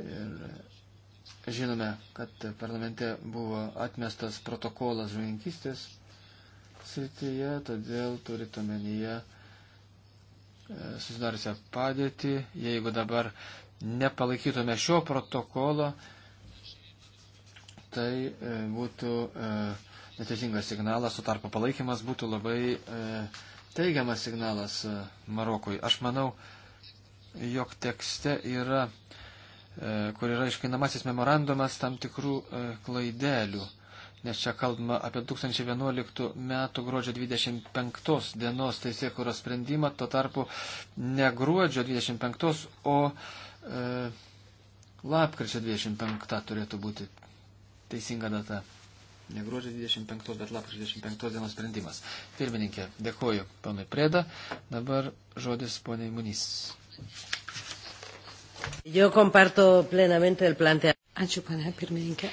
Ir žinome, kad parlamente buvo atmestas protokolas žuvininkistės srityje, todėl turite omenyje e, susidariusią padėtį. Jeigu dabar nepalaikytume šio protokolo, tai e, būtų e, neteisingas signalas, o tarpo palaikymas būtų labai e, teigiamas signalas e, Marokui. Aš manau, jog tekste yra, e, kur yra iškainamasis memorandumas tam tikrų e, klaidelių, nes čia kalbama apie 2011 m. gruodžio 25 dienos teisėkuros sprendimą, tuo tarpu ne gruodžio 25, o e, lapkričio 25 turėtų būti teisinga data ne gruodžio 25, bet lapkričio 25 dienos sprendimas. Pirmininkė, dėkoju ponui Preda. Dabar žodis poniai Munys. Yo comparto plenamente el plantea. Ačiū, pane pirmininkė.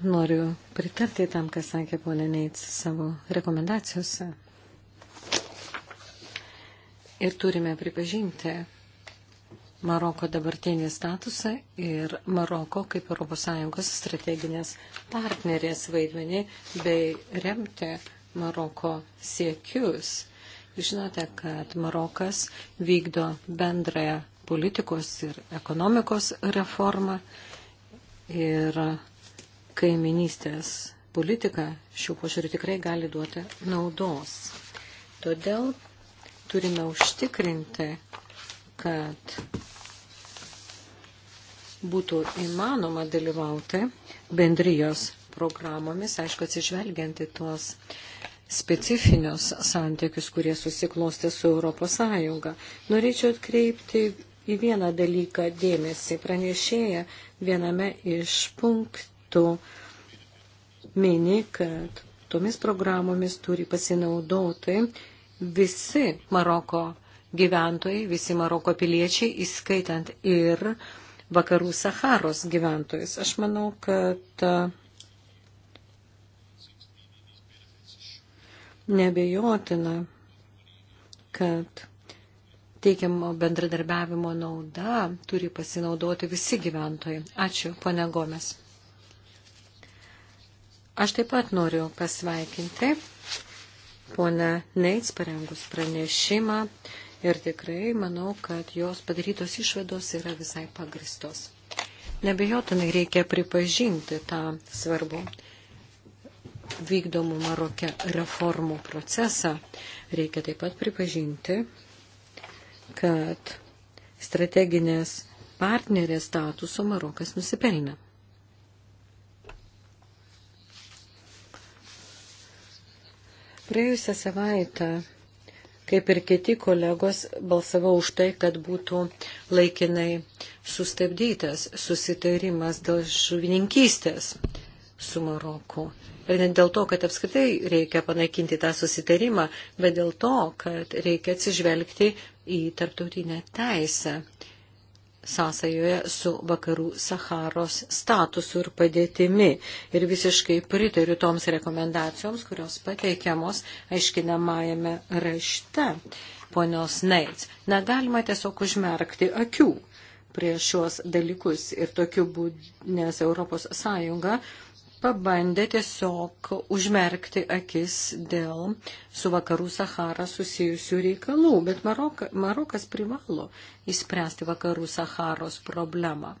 Noriu pritarti tam, kas sakė ponė Neits savo rekomendacijose. Ir turime pripažinti, Maroko dabartinį statusą ir Maroko kaip ES strateginės partnerės vaidmenį bei remti Maroko siekius. Jūs žinote, kad Marokas vykdo bendrąją politikos ir ekonomikos reformą ir kaiminystės politika šių požiūrių tikrai gali duoti naudos. Todėl turime užtikrinti, kad būtų įmanoma dalyvauti bendrijos programomis, aišku, atsižvelgianti tuos specifinius santykius, kurie susiklosti su Europos Sąjunga. Norėčiau atkreipti į vieną dalyką dėmesį. Pranešėja viename iš punktų mini, kad tomis programomis turi pasinaudoti visi Maroko gyventojai, visi Maroko piliečiai, įskaitant ir vakarų Saharos gyventojus. Aš manau, kad e, nebejotina, kad teikiamo bendradarbiavimo nauda turi pasinaudoti visi gyventojai. Ačiū, pone Gomes. Aš taip pat noriu pasveikinti ponę Neits parengus pranešimą Ir tikrai manau, kad jos padarytos išvados yra visai pagristos. Nebejotinai reikia pripažinti tą svarbų vykdomų Marokė reformų procesą. Reikia taip pat pripažinti, kad strateginės partnerės statuso Marokas nusipelnė. Praėjusią savaitę Kaip ir kiti kolegos, balsavau už tai, kad būtų laikinai sustabdytas susitarimas dėl žuvininkystės su Maroku. Ir ne dėl to, kad apskritai reikia panaikinti tą susitarimą, bet dėl to, kad reikia atsižvelgti į tarptautinę teisę sąsajoje su vakarų Saharos statusu ir padėtimi. Ir visiškai pritariu toms rekomendacijoms, kurios pateikiamos aiškinamajame rašte ponios Neits. Negalima tiesiog užmerkti akių prieš šios dalykus ir tokiu būdu, nes Europos Sąjunga pabandė tiesiog užmerkti akis dėl su vakarų Sahara susijusių reikalų, bet Maroka, Marokas privalo įspręsti vakarų Saharos problemą.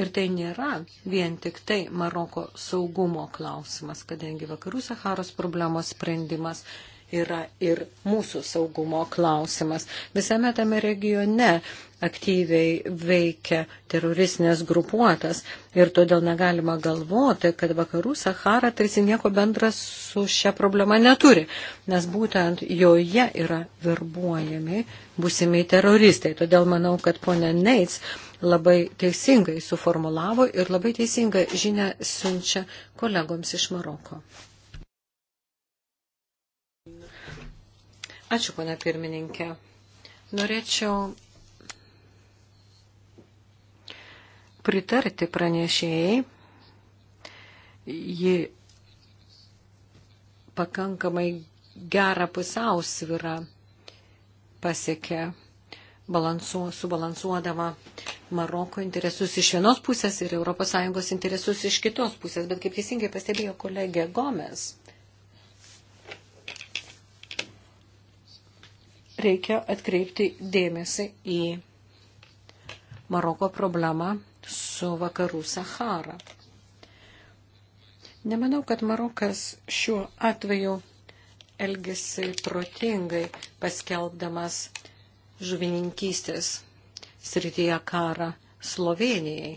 Ir tai nėra vien tik tai Maroko saugumo klausimas, kadangi vakarų Saharos problemos sprendimas yra ir mūsų saugumo klausimas. Visame tame regione aktyviai veikia teroristinės grupuotas ir todėl negalima galvoti, kad vakarų Sahara tarsi nieko bendras su šia problema neturi, nes būtent joje yra verbuojami būsimi teroristai. Todėl manau, kad ponė Neits labai teisingai suformulavo ir labai teisingą žinę siunčia kolegoms iš Maroko. Ačiū, pana pirmininkė. Norėčiau pritarti pranešėjai. Ji pakankamai gerą pusiausvyrą pasiekė balansu, subalansuodama Maroko interesus iš vienos pusės ir ES interesus iš kitos pusės. Bet kaip teisingai pastebėjo kolegė Gomes, reikia atkreipti dėmesį į Maroko problemą su vakarų Sahara. Nemanau, kad Marokas šiuo atveju elgesi protingai paskelbdamas žuvininkystės srityje karą Slovenijai.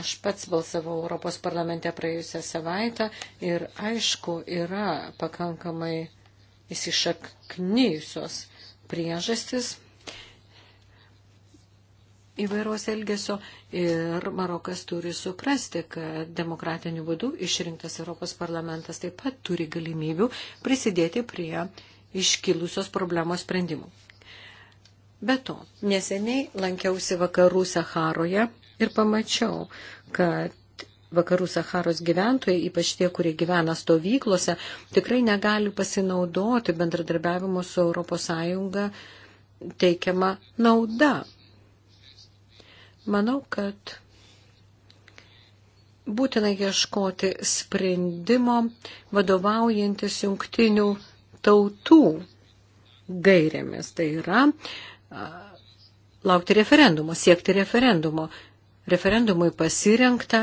Aš pats balsavau Europos parlamente praėjusią savaitę ir aišku yra pakankamai įsišaknyjusios priežastis įvairios elgesio ir Marokas turi suprasti, kad demokratiniu būdu išrinktas Europos parlamentas taip pat turi galimybių prisidėti prie iškilusios problemos sprendimų. Be to, neseniai lankiausi vakarų Saharoje ir pamačiau, kad vakarų Saharos gyventojai, ypač tie, kurie gyvena stovyklose, tikrai negali pasinaudoti bendradarbiavimo su ES teikiama nauda. Manau, kad būtina ieškoti sprendimo vadovaujantis jungtinių tautų gairėmis. Tai yra laukti referendumo, siekti referendumo. Referendumui pasirinkta,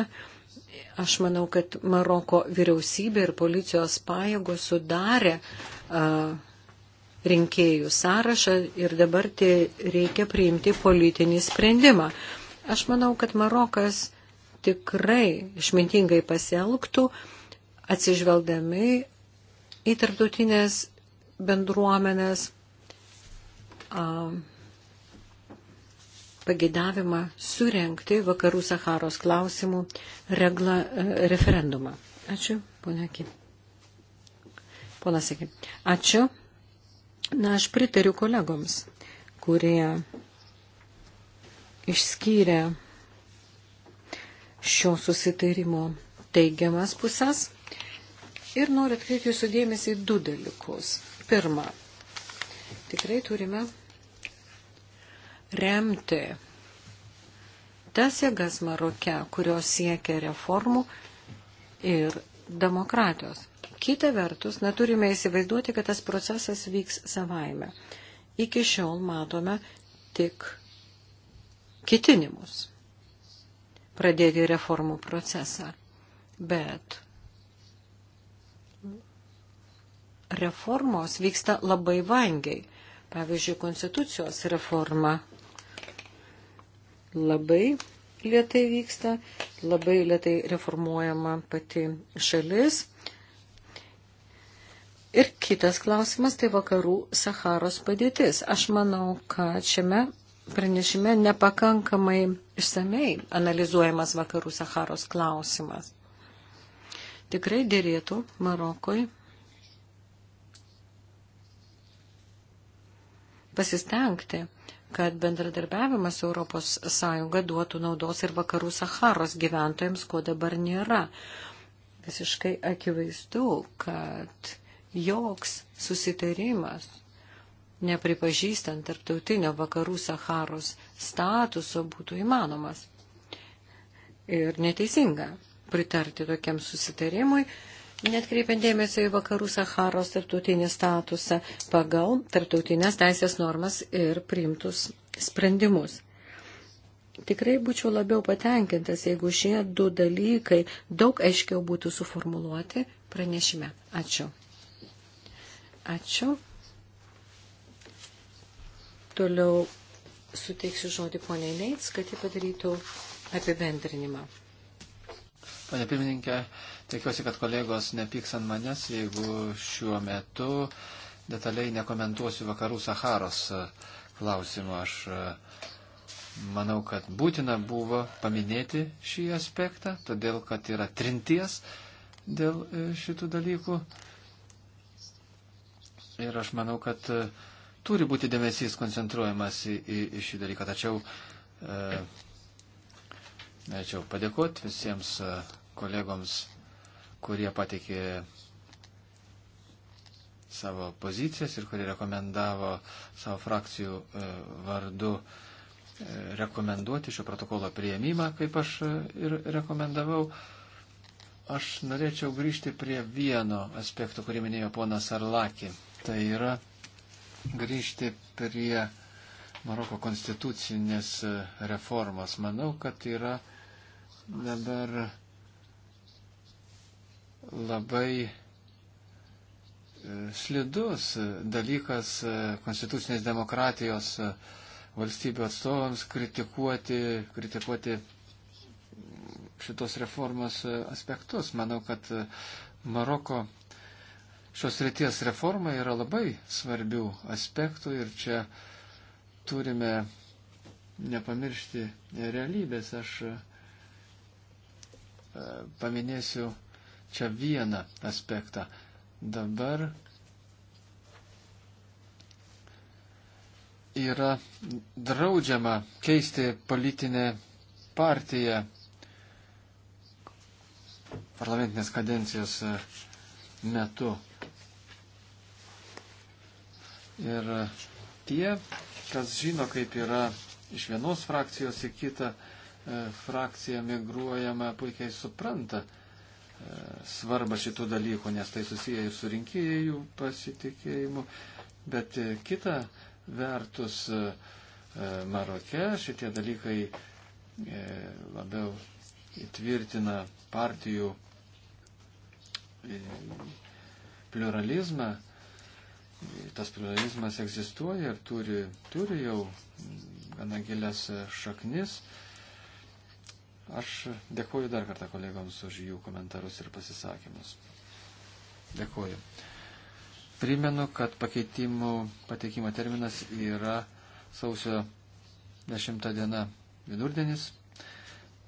Aš manau, kad Maroko vyriausybė ir policijos pajėgos sudarė uh, rinkėjų sąrašą ir dabar reikia priimti politinį sprendimą. Aš manau, kad Marokas tikrai išmintingai pasielgtų, atsižvelgdami į tarptautinės bendruomenės. Uh, pagėdavimą surenkti vakarų Saharos klausimų regla, e, referendumą. Ačiū, ponia Aki. Ponas Aki. Ačiū. Na, aš pritariu kolegoms, kurie išskyrė šio susitarimo teigiamas pusės ir noriu atkreipti jūsų dėmesį į du dalykus. Pirma, tikrai turime remti tas jėgas Maroke, kurios siekia reformų ir demokratijos. Kita vertus, neturime įsivaizduoti, kad tas procesas vyks savaime. Iki šiol matome tik kitinimus pradėti reformų procesą. Bet reformos vyksta labai vangiai. Pavyzdžiui, konstitucijos reforma labai lietai vyksta, labai lietai reformuojama pati šalis. Ir kitas klausimas tai vakarų Saharos padėtis. Aš manau, kad šiame pranešime nepakankamai išsamei analizuojamas vakarų Saharos klausimas. Tikrai dėrėtų Marokui pasistengti kad bendradarbiavimas ES duotų naudos ir vakarų Saharos gyventojams, ko dabar nėra. Visiškai akivaizdu, kad joks susitarimas, nepripažįstant tarptautinio vakarų Saharos statuso, būtų įmanomas. Ir neteisinga pritarti tokiam susitarimui, netkreipiant dėmesio į vakarų Saharos tarptautinį statusą pagal tarptautinės teisės normas ir priimtus sprendimus. Tikrai būčiau labiau patenkintas, jeigu šie du dalykai daug aiškiau būtų suformuluoti pranešime. Ačiū. Ačiū. Toliau suteiksiu žodį poniai Neits, kad jį padarytų apibendrinimą. Pane pirmininkė, tikiuosi, kad kolegos nepyks ant manęs, jeigu šiuo metu detaliai nekomentuosiu vakarų Saharos e, klausimo. Aš e, manau, kad būtina buvo paminėti šį aspektą, todėl kad yra trinties dėl e, šitų dalykų. Ir aš manau, kad turi būti dėmesys koncentruojamas į, į, į šį dalyką. Tačiau e, norėčiau padėkoti visiems kolegoms, kurie patikė savo pozicijas ir kurie rekomendavo savo frakcijų e, vardu e, rekomenduoti šio protokolo prieimimą, kaip aš e, ir rekomendavau. Aš norėčiau grįžti prie vieno aspekto, kurį minėjo ponas Arlaki. Tai yra grįžti prie Maroko konstitucinės reformos. Manau, kad yra dabar labai e, slidus dalykas e, konstitucinės demokratijos e, valstybių atstovams kritikuoti, kritikuoti šitos reformos aspektus. Manau, kad Maroko šios ryties reforma yra labai svarbių aspektų ir čia turime nepamiršti realybės. Aš paminėsiu čia vieną aspektą. Dabar yra draudžiama keisti politinę partiją parlamentinės kadencijos metu. Ir tie, kas žino, kaip yra iš vienos frakcijos į kitą e, frakciją migruojama, puikiai supranta, e, svarbą šitų dalykų, nes tai susiję ir su rinkėjų pasitikėjimu. Bet e, kita vertus, e, e, Maroke šitie dalykai labiau įtvirtina partijų pluralizmą. Tas pluralizmas egzistuoja ir turi, turi jau gana gilias šaknis. E, Aš dėkuoju dar kartą kolegoms už jų komentarus ir pasisakymus. Dėkuoju. Primenu, kad pakeitimų pateikimo terminas yra sausio 10 diena vidurdienis.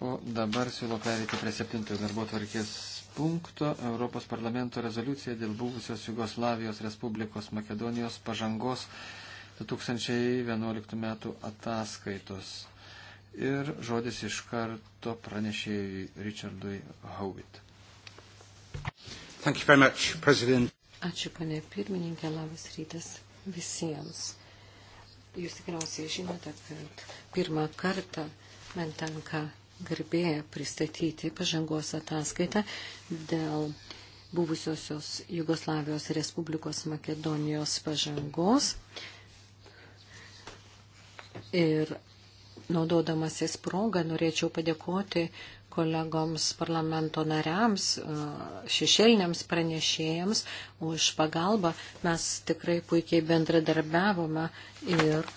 O dabar siūlau perėti prie 7 darbo tvarkės punkto Europos parlamento rezoliucija dėl buvusios Jugoslavijos Respublikos Makedonijos pažangos 2011 m. ataskaitos. Ir žodis iš karto pranešėjai Richardui Howitt. Much, President. Ačiū, panė pirmininkė, labas rytas visiems. Jūs tikriausiai žinote, kad pirmą kartą man tenka garbė pristatyti pažangos ataskaitą dėl buvusiosios Jugoslavijos Respublikos Makedonijos pažangos. Ir Naudodamasis progą norėčiau padėkoti kolegoms parlamento nariams, šešėliniams pranešėjams už pagalbą. Mes tikrai puikiai bendradarbiavome ir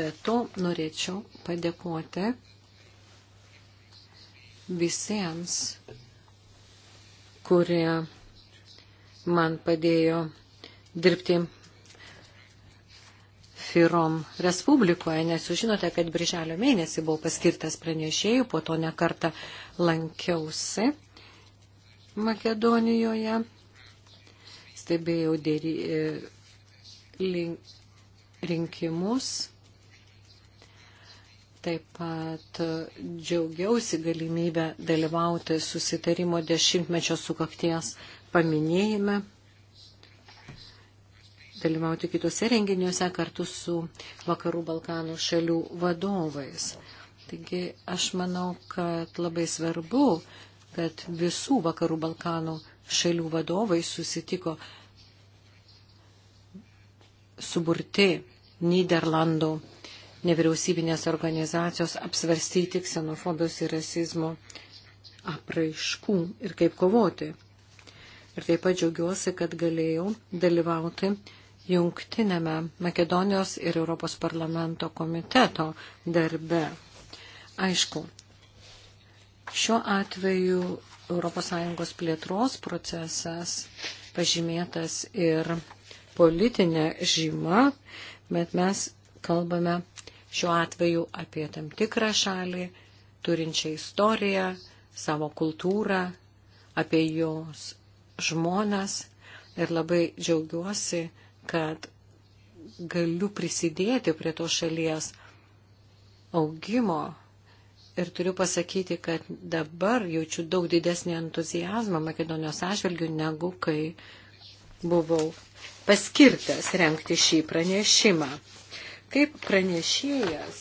be to norėčiau padėkoti visiems, kurie man padėjo dirbti Firom Respublikoje, nes jūs žinote, kad birželio mėnesį buvau paskirtas pranešėjų, po to nekartą lankiausi Makedonijoje, stebėjau dėry, e, link, rinkimus, taip pat džiaugiausi galimybę dalyvauti susitarimo dešimtmečio sukakties paminėjime dalyvauti kitose renginiuose kartu su Vakarų Balkanų šalių vadovais. Taigi aš manau, kad labai svarbu, kad visų Vakarų Balkanų šalių vadovai susitiko suburti Niderlandų nevyriausybinės organizacijos apsvarstyti ksenofobijos ir rasizmo apraiškų ir kaip kovoti. Ir taip pat džiaugiuosi, kad galėjau dalyvauti jungtinėme Makedonijos ir Europos parlamento komiteto darbe. Aišku, šiuo atveju ES plėtros procesas pažymėtas ir politinė žyma, bet mes kalbame šiuo atveju apie tam tikrą šalį, turinčią istoriją, savo kultūrą, apie jos žmonas. Ir labai džiaugiuosi, kad galiu prisidėti prie to šalies augimo. Ir turiu pasakyti, kad dabar jaučiu daug didesnį entuzijazmą Makedonijos atžvilgių, negu kai buvau paskirtas renkti šį pranešimą. Kaip pranešėjas,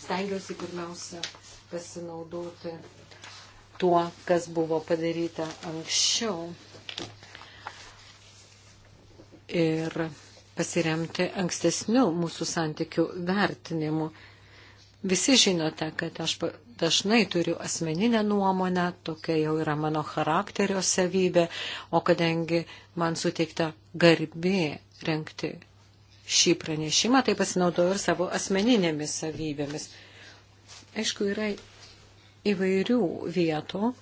stengiausi pirmiausia pasinaudoti tuo, kas buvo padaryta anksčiau ir pasiremti ankstesniu mūsų santykių vertinimu. Visi žinote, kad aš dažnai turiu asmeninę nuomonę, tokia jau yra mano charakterio savybė, o kadangi man suteikta garbė renkti šį pranešimą, tai pasinaudoju ir savo asmeninėmis savybėmis. Aišku, yra įvairių vietų,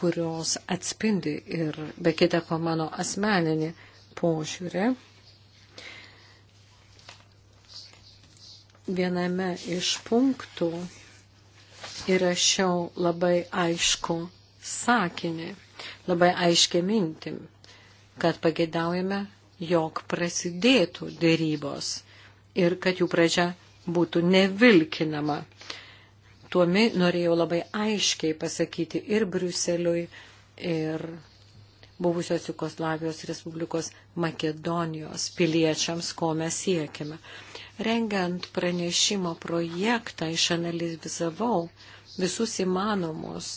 kurios atspindi ir be kita ko mano asmeninį požiūrį. Viename iš punktų įrašiau labai aišku sakinį, labai aiškia mintim, kad pagėdaujame, jog prasidėtų dėrybos ir kad jų pradžia būtų nevilkinama. Tuomi norėjau labai aiškiai pasakyti ir Briuseliui, ir buvusios Jugoslavijos Respublikos Makedonijos piliečiams, ko mes siekime. Rengiant pranešimo projektą, išanalizavau visus įmanomus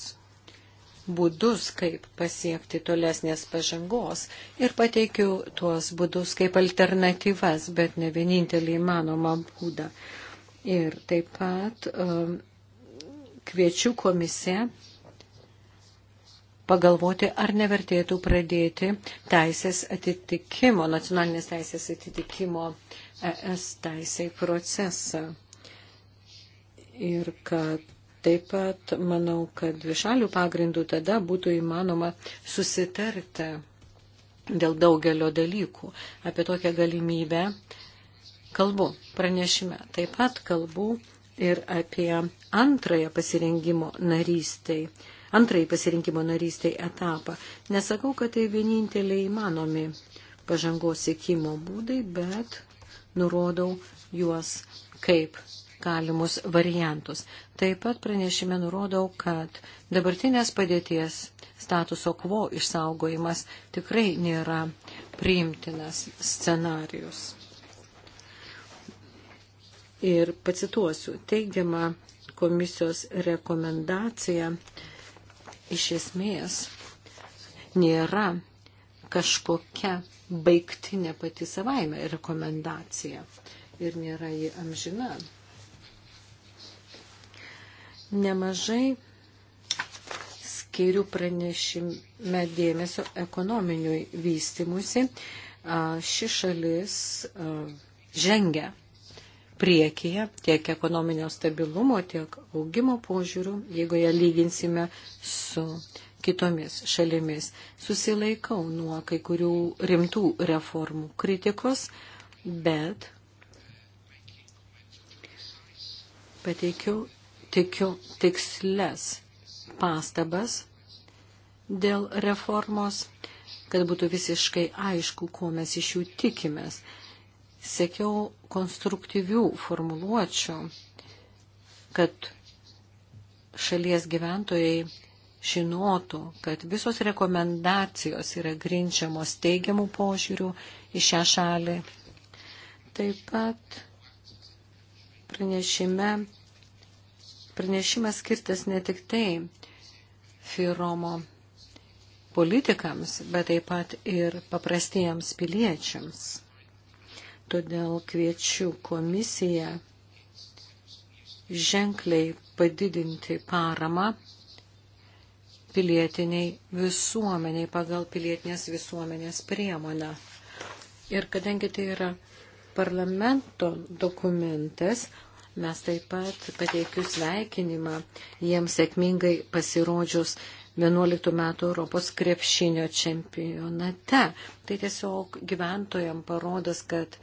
būdus, kaip pasiekti tolesnės pažangos ir pateikiu tuos būdus kaip alternatyvas, bet ne vienintelį įmanomą būdą. Ir taip pat um, kviečiu komisiją pagalvoti, ar nevertėtų pradėti teisės atitikimo, nacionalinės teisės atitikimo ES teisai procesą. Ir kad taip pat manau, kad višalių pagrindų tada būtų įmanoma susitarti dėl daugelio dalykų. Apie tokią galimybę kalbu pranešime. Taip pat kalbu ir apie antrąją pasirengimo narystai antrąjį pasirinkimo narystai etapą. Nesakau, kad tai vieninteliai įmanomi pažangos siekimo būdai, bet nurodau juos kaip galimus variantus. Taip pat pranešime nurodau, kad dabartinės padėties statuso kvo išsaugojimas tikrai nėra priimtinas scenarius. Ir pacituosiu, teigiama komisijos rekomendacija iš esmės nėra kažkokia baigtinė pati savaime rekomendacija ir nėra ji amžina. Nemažai skiriu pranešime dėmesio ekonominiui vystimusi. Ši šalis žengia priekyje tiek ekonominio stabilumo, tiek augimo požiūrių, jeigu ją lyginsime su kitomis šalimis. Susilaikau nuo kai kurių rimtų reformų kritikos, bet pateikiu, tikiu tiksles pastabas dėl reformos, kad būtų visiškai aišku, ko mes iš jų tikimės siekiau konstruktyvių formuluočių, kad šalies gyventojai žinotų, kad visos rekomendacijos yra grinčiamos teigiamų požiūrių į šią šalį. Taip pat pranešime, pranešimas skirtas ne tik tai Firomo politikams, bet taip pat ir paprastiems piliečiams. Todėl kviečiu komisiją ženkliai padidinti paramą pilietiniai visuomeniai pagal pilietinės visuomenės priemonę. Ir kadangi tai yra parlamento dokumentas, mes taip pat pateikiu sveikinimą jiems sėkmingai pasirodžius 11 metų Europos krepšinio čempionate. Tai tiesiog gyventojams parodas, kad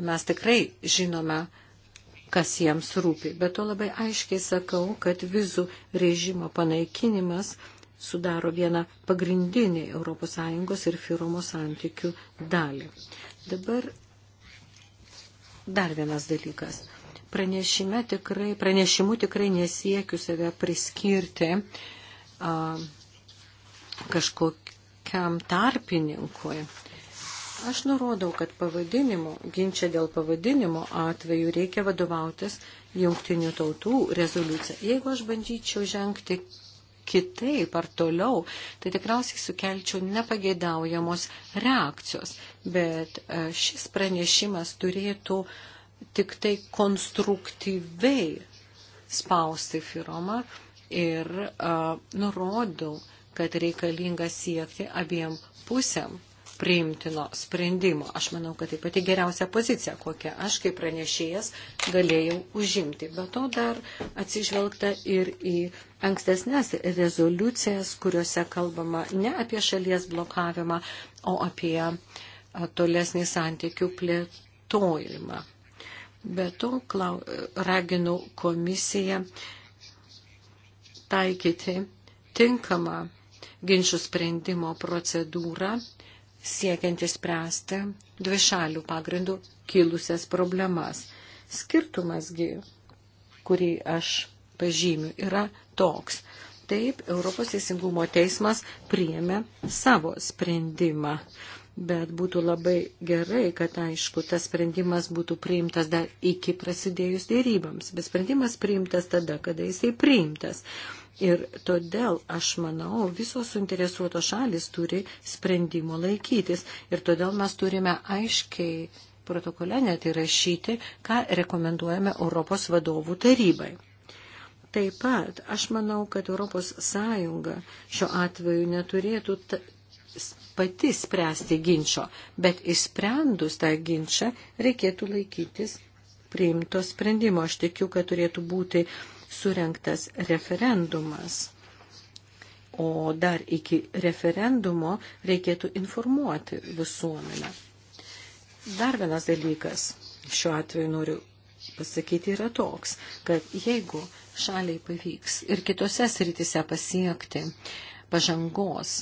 mes tikrai žinome, kas jiems rūpi. Bet to labai aiškiai sakau, kad vizų režimo panaikinimas sudaro vieną pagrindinį ES ir Firomo santykių dalį. Dabar dar vienas dalykas. Pranešime tikrai, pranešimu tikrai nesiekiu save priskirti a, kažkokiam tarpininkui. A, Aš nurodau, kad pavadinimo, ginčia dėl pavadinimo atveju reikia vadovautis jungtinių tautų rezoliucija. Jeigu aš bandyčiau žengti kitaip ar toliau, tai tikriausiai sukelčiau nepageidaujamos reakcijos. Bet e, šis pranešimas turėtų tik tai konstruktyviai spausti firomą ir uh, nurodau, kad reikalinga siekti abiem pusėm priimtino sprendimo. Aš manau, kad tai pati geriausia pozicija, kokią aš kaip pranešėjas galėjau užimti. Be to dar atsižvelgta ir į ankstesnės rezoliucijas, kuriuose kalbama ne apie šalies blokavimą, o apie tolesnį santykių plėtojimą. Be to klau, raginu komisiją taikyti tinkamą ginčių sprendimo procedūrą siekiant įspręsti dvi šalių pagrindų kilusias problemas. Skirtumasgi, kurį aš pažymiu, yra toks. Taip, Europos teisingumo teismas priėmė savo sprendimą, bet būtų labai gerai, kad aišku, tas sprendimas būtų priimtas dar iki prasidėjus dėrybams, bet sprendimas priimtas tada, kada jisai priimtas. Ir todėl, aš manau, visos suinteresuotos šalis turi sprendimo laikytis. Ir todėl mes turime aiškiai protokole net įrašyti, ką rekomenduojame Europos vadovų tarybai. Taip pat aš manau, kad Europos Sąjunga šiuo atveju neturėtų pati spręsti ginčio, bet išsprendus tą ginčą reikėtų laikytis priimto sprendimo. Aš tikiu, kad turėtų būti surenktas referendumas. O dar iki referendumo reikėtų informuoti visuomenę. Dar vienas dalykas šiuo atveju noriu pasakyti yra toks, kad jeigu šaliai pavyks ir kitose sritise pasiekti pažangos,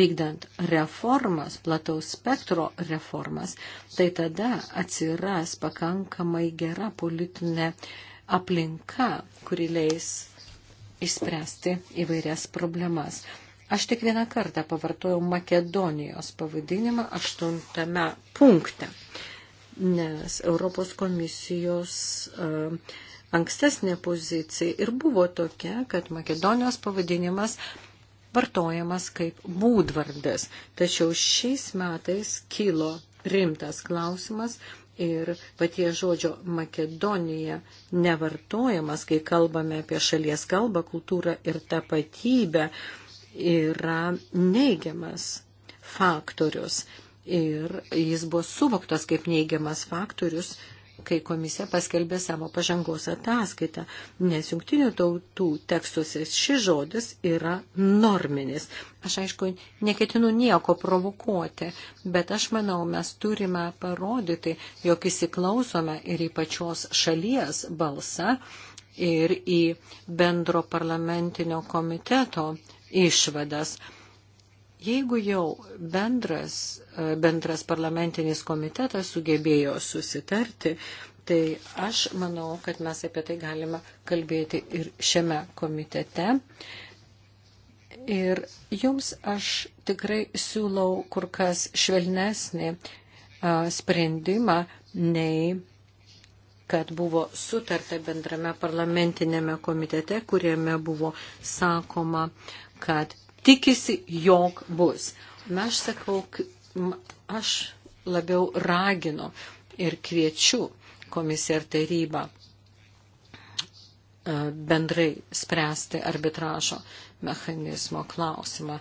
vykdant reformas, plataus spektro reformas, tai tada atsiras pakankamai gera politinė uh, aplinka, kuri leis išspręsti įvairias problemas. Aš tik vieną kartą pavartojau Makedonijos pavadinimą aštuntame punkte, nes Europos komisijos uh, ankstesnė pozicija ir buvo tokia, kad Makedonijos pavadinimas vartojamas kaip būdvardas. Tačiau šiais metais kilo rimtas klausimas, ir patie žodžio Makedonija nevartojamas, kai kalbame apie šalies kalbą, kultūrą ir tapatybę, yra neigiamas faktorius. Ir jis buvo suvoktas kaip neigiamas faktorius kai komisija paskelbė savo pažangos ataskaitą, nes jungtinių tautų tekstuose šis žodis yra norminis. Aš aišku, neketinu nieko provokuoti, bet aš manau, mes turime parodyti, jog įsiklausome ir į pačios šalies balsą ir į bendro parlamentinio komiteto išvadas Jeigu jau bendras, e, bendras parlamentinis komitetas sugebėjo susitarti, tai aš manau, kad mes apie tai galime kalbėti ir šiame komitete. Ir jums aš tikrai siūlau kur kas švelnesnį e, sprendimą nei kad buvo sutarta bendrame parlamentinėme komitete, kuriame buvo sakoma, kad tikisi, jog bus. Na, aš sakau, aš labiau raginu ir kviečiu komisiją ir tarybą e, bendrai spręsti arbitražo mechanizmo klausimą.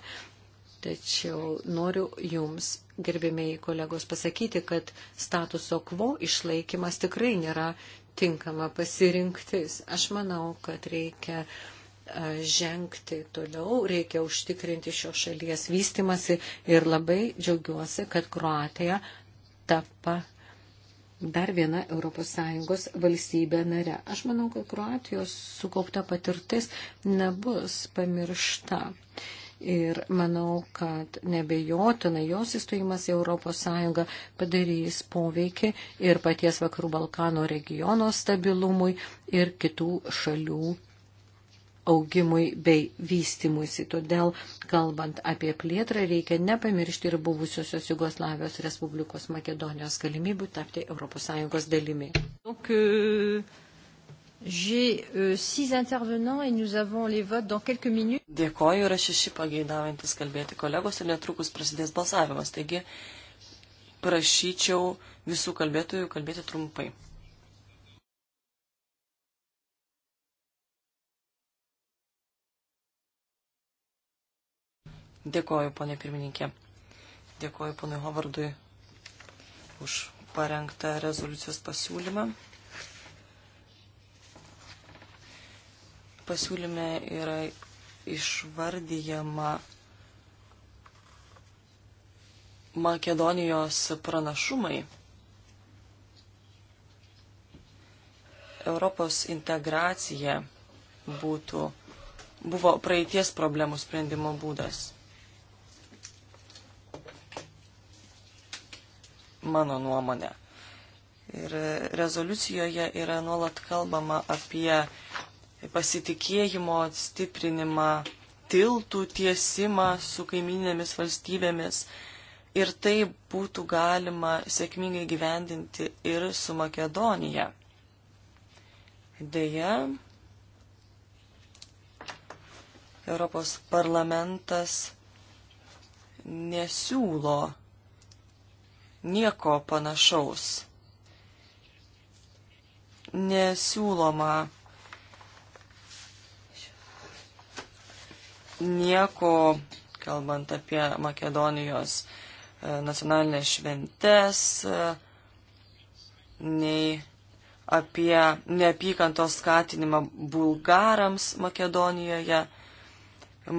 Tačiau noriu Jums, gerbėmiai kolegos, pasakyti, kad statuso kvo išlaikimas tikrai nėra tinkama pasirinktis. Aš manau, kad reikia uh, žengti toliau, reikia užtikrinti šios šalies vystimasi ir labai džiaugiuosi, kad Kroatija tapa dar viena ES valstybė nare. Aš manau, kad Kroatijos sukaupta patirtis nebus pamiršta. Ir manau, kad nebejotinai jos įstojimas į ES padarys poveikį ir paties Vakarų Balkano regiono stabilumui ir kitų šalių augimui bei vystimuisi. Todėl, kalbant apie plėtrą, reikia nepamiršti ir buvusiosios Jugoslavijos Respublikos Makedonijos galimybių tapti ES dalimi. Donc, euh... J'ai euh, six intervenants et nous avons les votes dans quelques minutes. Dėkoju, yra šeši pageidaujantis kalbėti kolegos ir netrukus prasidės balsavimas. Taigi prašyčiau visų kalbėtojų kalbėti trumpai. Dėkoju, ponė pirmininkė. Dėkoju ponui Hovardui už parengtą rezoliucijos pasiūlymą. Pasiūlyme yra išvardyjama Makedonijos pranašumai. Europos integracija būtų, buvo praeities problemų sprendimo būdas. mano nuomonė. Ir rezoliucijoje yra nuolat kalbama apie pasitikėjimo stiprinimą, tiltų tiesimą su kaiminėmis valstybėmis. Ir tai būtų galima sėkmingai gyvendinti ir su Makedonija. Deja, Europos parlamentas nesiūlo nieko panašaus. Nesiūloma nieko, kalbant apie Makedonijos e, nacionalinės šventes, e, nei apie neapykantos skatinimą bulgarams Makedonijoje.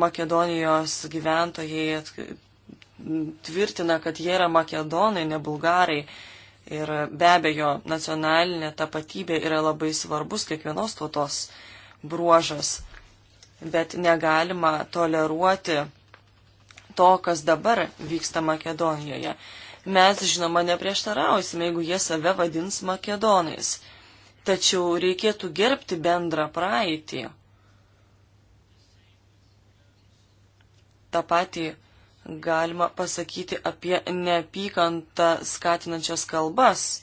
Makedonijos gyventojai tvirtina, kad jie yra makedonai, ne bulgarai. Ir be abejo, nacionalinė tapatybė yra labai svarbus kiekvienos tautos bruožas, bet negalima toleruoti to, kas dabar vyksta Makedonijoje. Mes, žinoma, neprieštarausime, jeigu jie save vadins makedonais. Tačiau reikėtų gerbti bendrą praeitį. Ta pati galima pasakyti apie neapykantą skatinančias kalbas,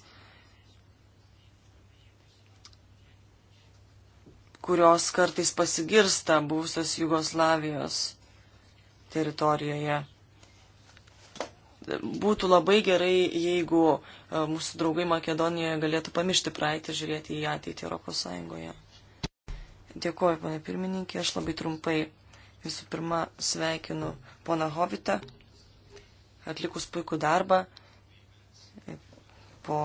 kurios kartais pasigirsta buvusios Jugoslavijos teritorijoje būtų labai gerai, jeigu e, mūsų draugai Makedonijoje galėtų pamiršti praeitį ir žiūrėti į ateitį Europos Sąjungoje. Dėkuoju, pane pirmininkė, aš labai trumpai Visų pirma, sveikinu poną Hovitą, atlikus puikų darbą po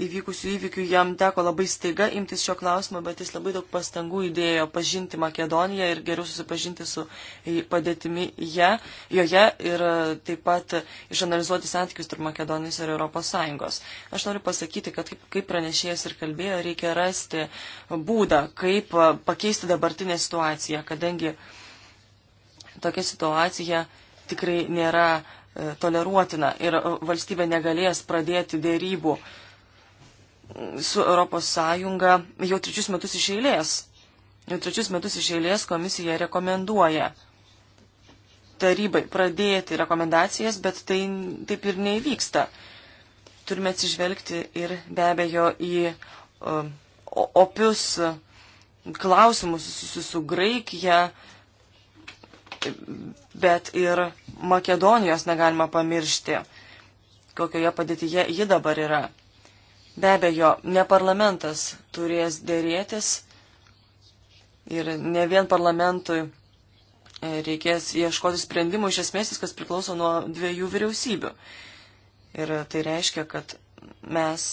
įvykusių įvykių jam teko labai staiga imtis šio klausimo, bet jis labai daug pastangų įdėjo pažinti Makedoniją ir geriau susipažinti su padėtimi ją, joje ir e, taip pat išanalizuoti santykius tarp Makedonijos ir Europos Sąjungos. Aš noriu pasakyti, kad kaip, kaip pranešėjas ir kalbėjo, reikia rasti būdą, kaip e, pakeisti dabartinę situaciją, kadangi tokia situacija tikrai nėra e, toleruotina ir valstybė negalės pradėti dėrybų uh, su ES jau trečius metus iš eilės. Jau trečius metus iš eilės komisija rekomenduoja tarybai pradėti rekomendacijas, bet tai taip ir neįvyksta. Turime atsižvelgti ir be abejo į uh, opius klausimus susijusius su Graikija, bet ir Makedonijos negalima pamiršti, kokioje padėtyje ji dabar yra. Be abejo, ne parlamentas turės dėrėtis ir ne vien parlamentui e, reikės ieškoti sprendimų iš esmės, viskas priklauso nuo dviejų vyriausybių. Ir tai reiškia, kad mes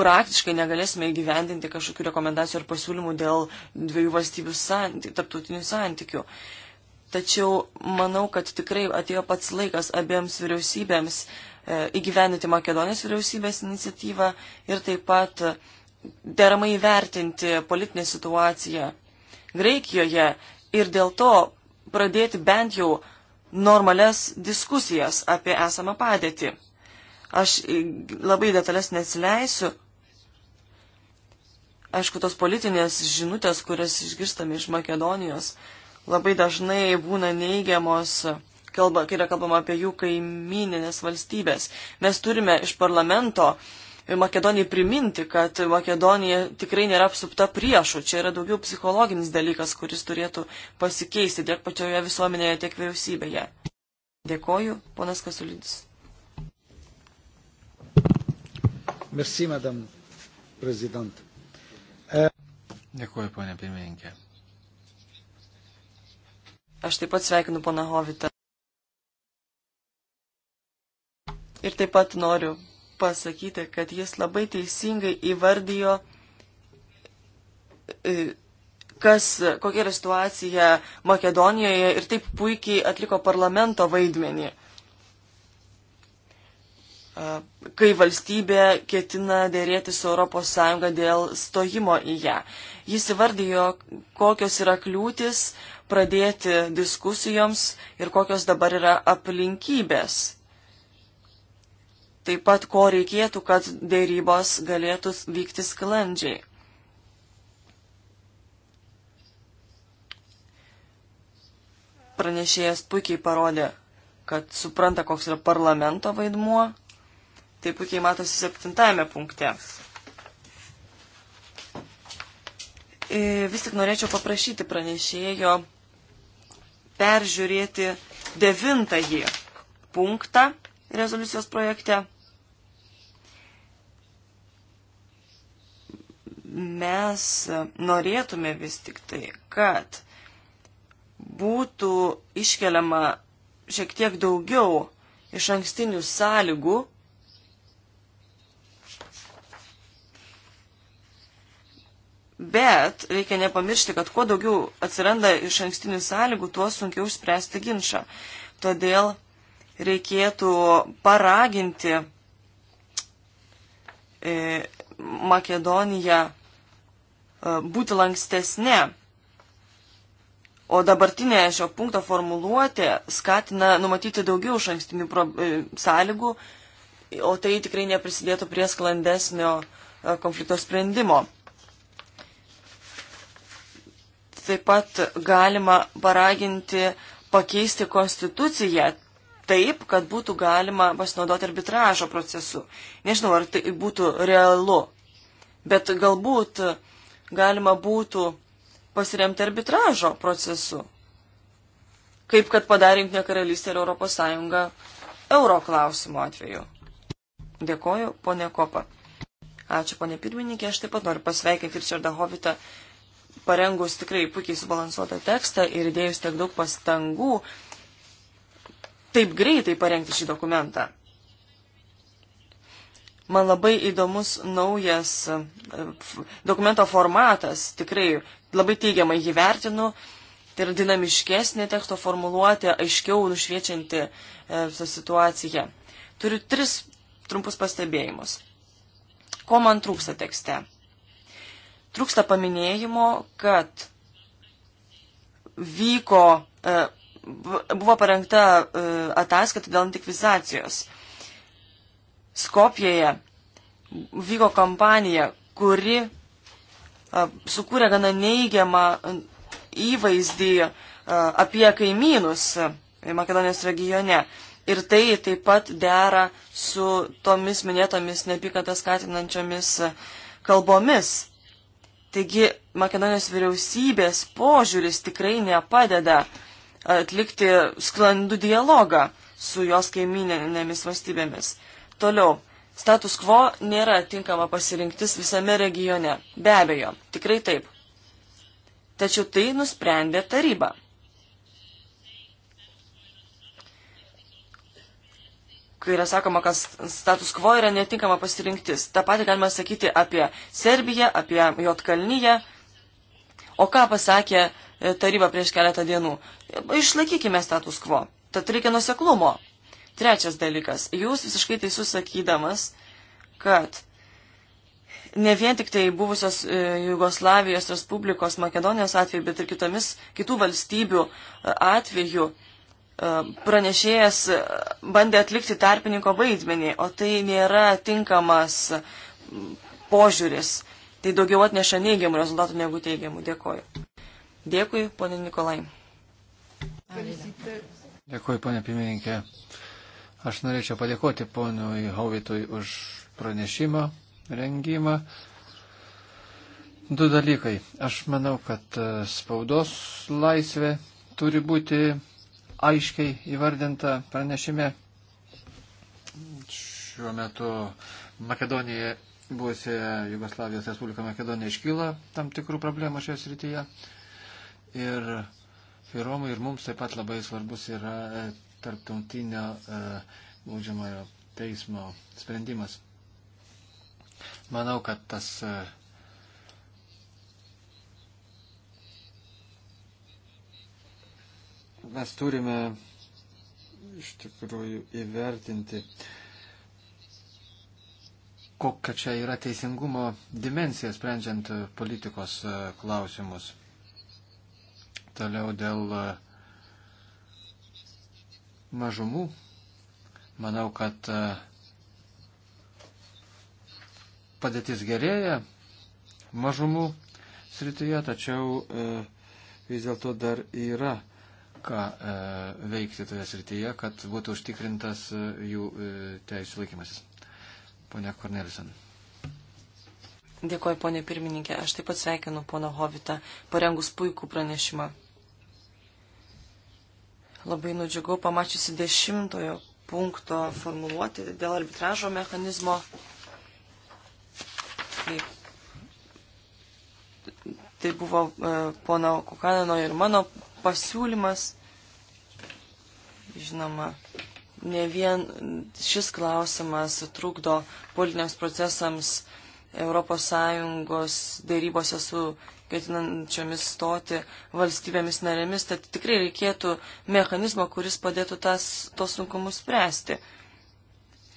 praktiškai negalėsime įgyvendinti kažkokių rekomendacijų ar pasiūlymų dėl dviejų valstybių santy, tarptautinių santykių. Tačiau manau, kad tikrai atėjo pats laikas abiems vyriausybėms E, įgyveninti Makedonijos vyriausybės iniciatyvą ir taip pat deramai vertinti politinę situaciją Graikijoje ir dėl to pradėti bent jau normales diskusijas apie esamą padėtį. Aš labai detalės nesileisiu. Aišku, tos politinės žinutės, kurias išgirstame iš Makedonijos, labai dažnai būna neigiamos kalba, kai yra kalbama apie jų kaimininės valstybės. Mes turime iš parlamento Makedonijai priminti, kad Makedonija tikrai nėra apsupta priešų. Čia yra daugiau psichologinis dalykas, kuris turėtų pasikeisti tiek pačioje visuomenėje, tiek vyriausybėje. Dėkoju, ponas Kasulidis. Merci, madame prezident. E... Dėkuoju, ponė pirmininkė. Aš taip pat sveikinu poną Hovitą. Ir taip pat noriu pasakyti, kad jis labai teisingai įvardijo, e, kas, kokia yra situacija Makedonijoje ir taip puikiai atliko parlamento vaidmenį, e, kai valstybė ketina dėrėti su ES dėl stojimo į ją. Jis įvardijo, kokios yra kliūtis pradėti diskusijoms ir kokios dabar yra aplinkybės taip pat ko reikėtų, kad dėrybos galėtų vykti sklandžiai. Pranešėjas puikiai parodė, kad supranta, koks yra parlamento vaidmuo. Tai puikiai matosi septintame punkte. E, vis tik norėčiau paprašyti pranešėjo peržiūrėti devintąjį punktą rezoliucijos projekte. mes norėtume vis tik tai, kad būtų iškeliama šiek tiek daugiau iš ankstinių sąlygų, bet reikia nepamiršti, kad kuo daugiau atsiranda iš ankstinių sąlygų, tuo sunkiau išspręsti ginčą. Todėl reikėtų paraginti e, Makedoniją E, būti lankstesnė. O dabartinė šio punkto formuluotė skatina numatyti daugiau šankstinių e, sąlygų, o tai tikrai neprisidėtų prie sklandesnio e, konflikto sprendimo. Taip pat galima paraginti pakeisti konstituciją taip, kad būtų galima pasinaudoti arbitražo procesu. Nežinau, ar tai būtų realu, bet galbūt uh, galima būtų pasiremti arbitražo procesu, kaip kad padarė Junktinė karalystė ir Europos Sąjunga euro klausimo atveju. Dėkoju, ponė Kopa. Ačiū, ponė pirmininkė, aš taip pat noriu pasveikinti Richardą Hovitą, parengus tikrai puikiai subalansuotą tekstą ir įdėjus tiek daug pastangų taip greitai parengti šį dokumentą. Man labai įdomus naujas e, dokumento formatas, tikrai labai teigiamai jį vertinu. Tai yra dinamiškesnė teksto formuluotė, aiškiau nušviečianti e, situaciją. Turiu tris trumpus pastebėjimus. Ko man trūksta tekste? Trūksta paminėjimo, kad vyko, e, buvo parengta e, ataskaita dėl antikvizacijos Skopjeje vyko kampanija, kuri sukūrė gana neigiamą įvaizdį apie kaimynus Makedonijos regione. Ir tai taip pat dera su tomis minėtomis neapykantą skatinančiomis kalbomis. Taigi Makedonijos vyriausybės požiūris tikrai nepadeda atlikti sklandų dialogą su jos kaiminėmis valstybėmis. Toliau. Status quo nėra tinkama pasirinktis visame regione. Be abejo, tikrai taip. Tačiau tai nusprendė taryba. Kai yra sakoma, kad status quo yra netinkama pasirinktis. Ta pati galima sakyti apie Serbiją, apie Jotkalnyje. O ką pasakė e, taryba prieš keletą dienų? Išlaikykime status quo. Tad reikia nuseklumo. Trečias dalykas. Jūs visiškai teisus sakydamas, kad ne vien tik tai buvusios e, Jugoslavijos Respublikos Makedonijos atveju, bet ir kitomis kitų valstybių e, atveju e, pranešėjas bandė atlikti tarpininko vaidmenį, o tai nėra tinkamas požiūris. Tai daugiau atneša neigiamų rezultatų negu teigiamų. Dėkoju. Dėkui, ponė Nikolai. Dėkui, ponė pirmininkė. Aš norėčiau padėkoti ponui Hauvitui už pranešimą, rengimą. Du dalykai. Aš manau, kad e, spaudos laisvė turi būti aiškiai įvardinta pranešime. Šiuo metu Makedonija, buvusi Jugoslavijos Respublika Makedonija, iškyla tam tikrų problemų šioje srityje. Ir Firomui ir mums taip pat labai svarbus yra e, tarptautinio e, baudžiamojo teismo sprendimas. Manau, kad tas e, mes turime iš tikrųjų įvertinti, kokia čia yra teisingumo dimensija sprendžiant politikos e, klausimus. Toliau dėl uh, mažumų, manau, kad e, padėtis gerėja mažumų srityje, tačiau e, vis dėlto dar yra ką e, veikti toje srityje, kad būtų užtikrintas jų teisų laikymasis. Pone Kornelisen. Dėkoju, ponė pirmininkė. Aš taip pat sveikinu pono Hovitą, parengus puikų pranešimą. Labai nudžiugau pamačiusi dešimtojo punkto formuluoti dėl arbitražo mechanizmo. Taip. Tai buvo e, pono Kukanino ir mano pasiūlymas. Žinoma, ne vien šis klausimas trukdo politiniams procesams ES dėrybose su ketinančiomis stoti valstybėmis narėmis, tad tikrai reikėtų mechanizmo, kuris padėtų tas, tos sunkumus spręsti.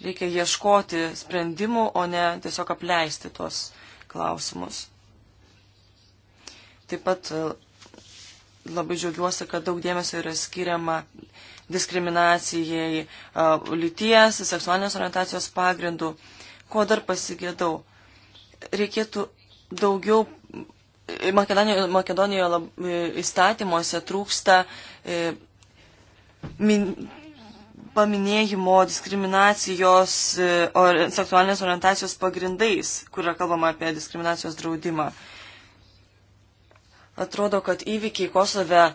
Reikia ieškoti sprendimų, o ne tiesiog apleisti tuos klausimus. Taip pat e, labai džiaugiuosi, kad daug dėmesio yra skiriama diskriminacijai e, lyties, seksualinės orientacijos pagrindų. Ko dar pasigėdau? Reikėtų daugiau Makedonijoje, Makedonijoje lab, e, įstatymuose trūksta e, min, paminėjimo diskriminacijos e, or, seksualinės orientacijos pagrindais, kur yra kalbama apie diskriminacijos draudimą. Atrodo, kad įvykiai Kosove e,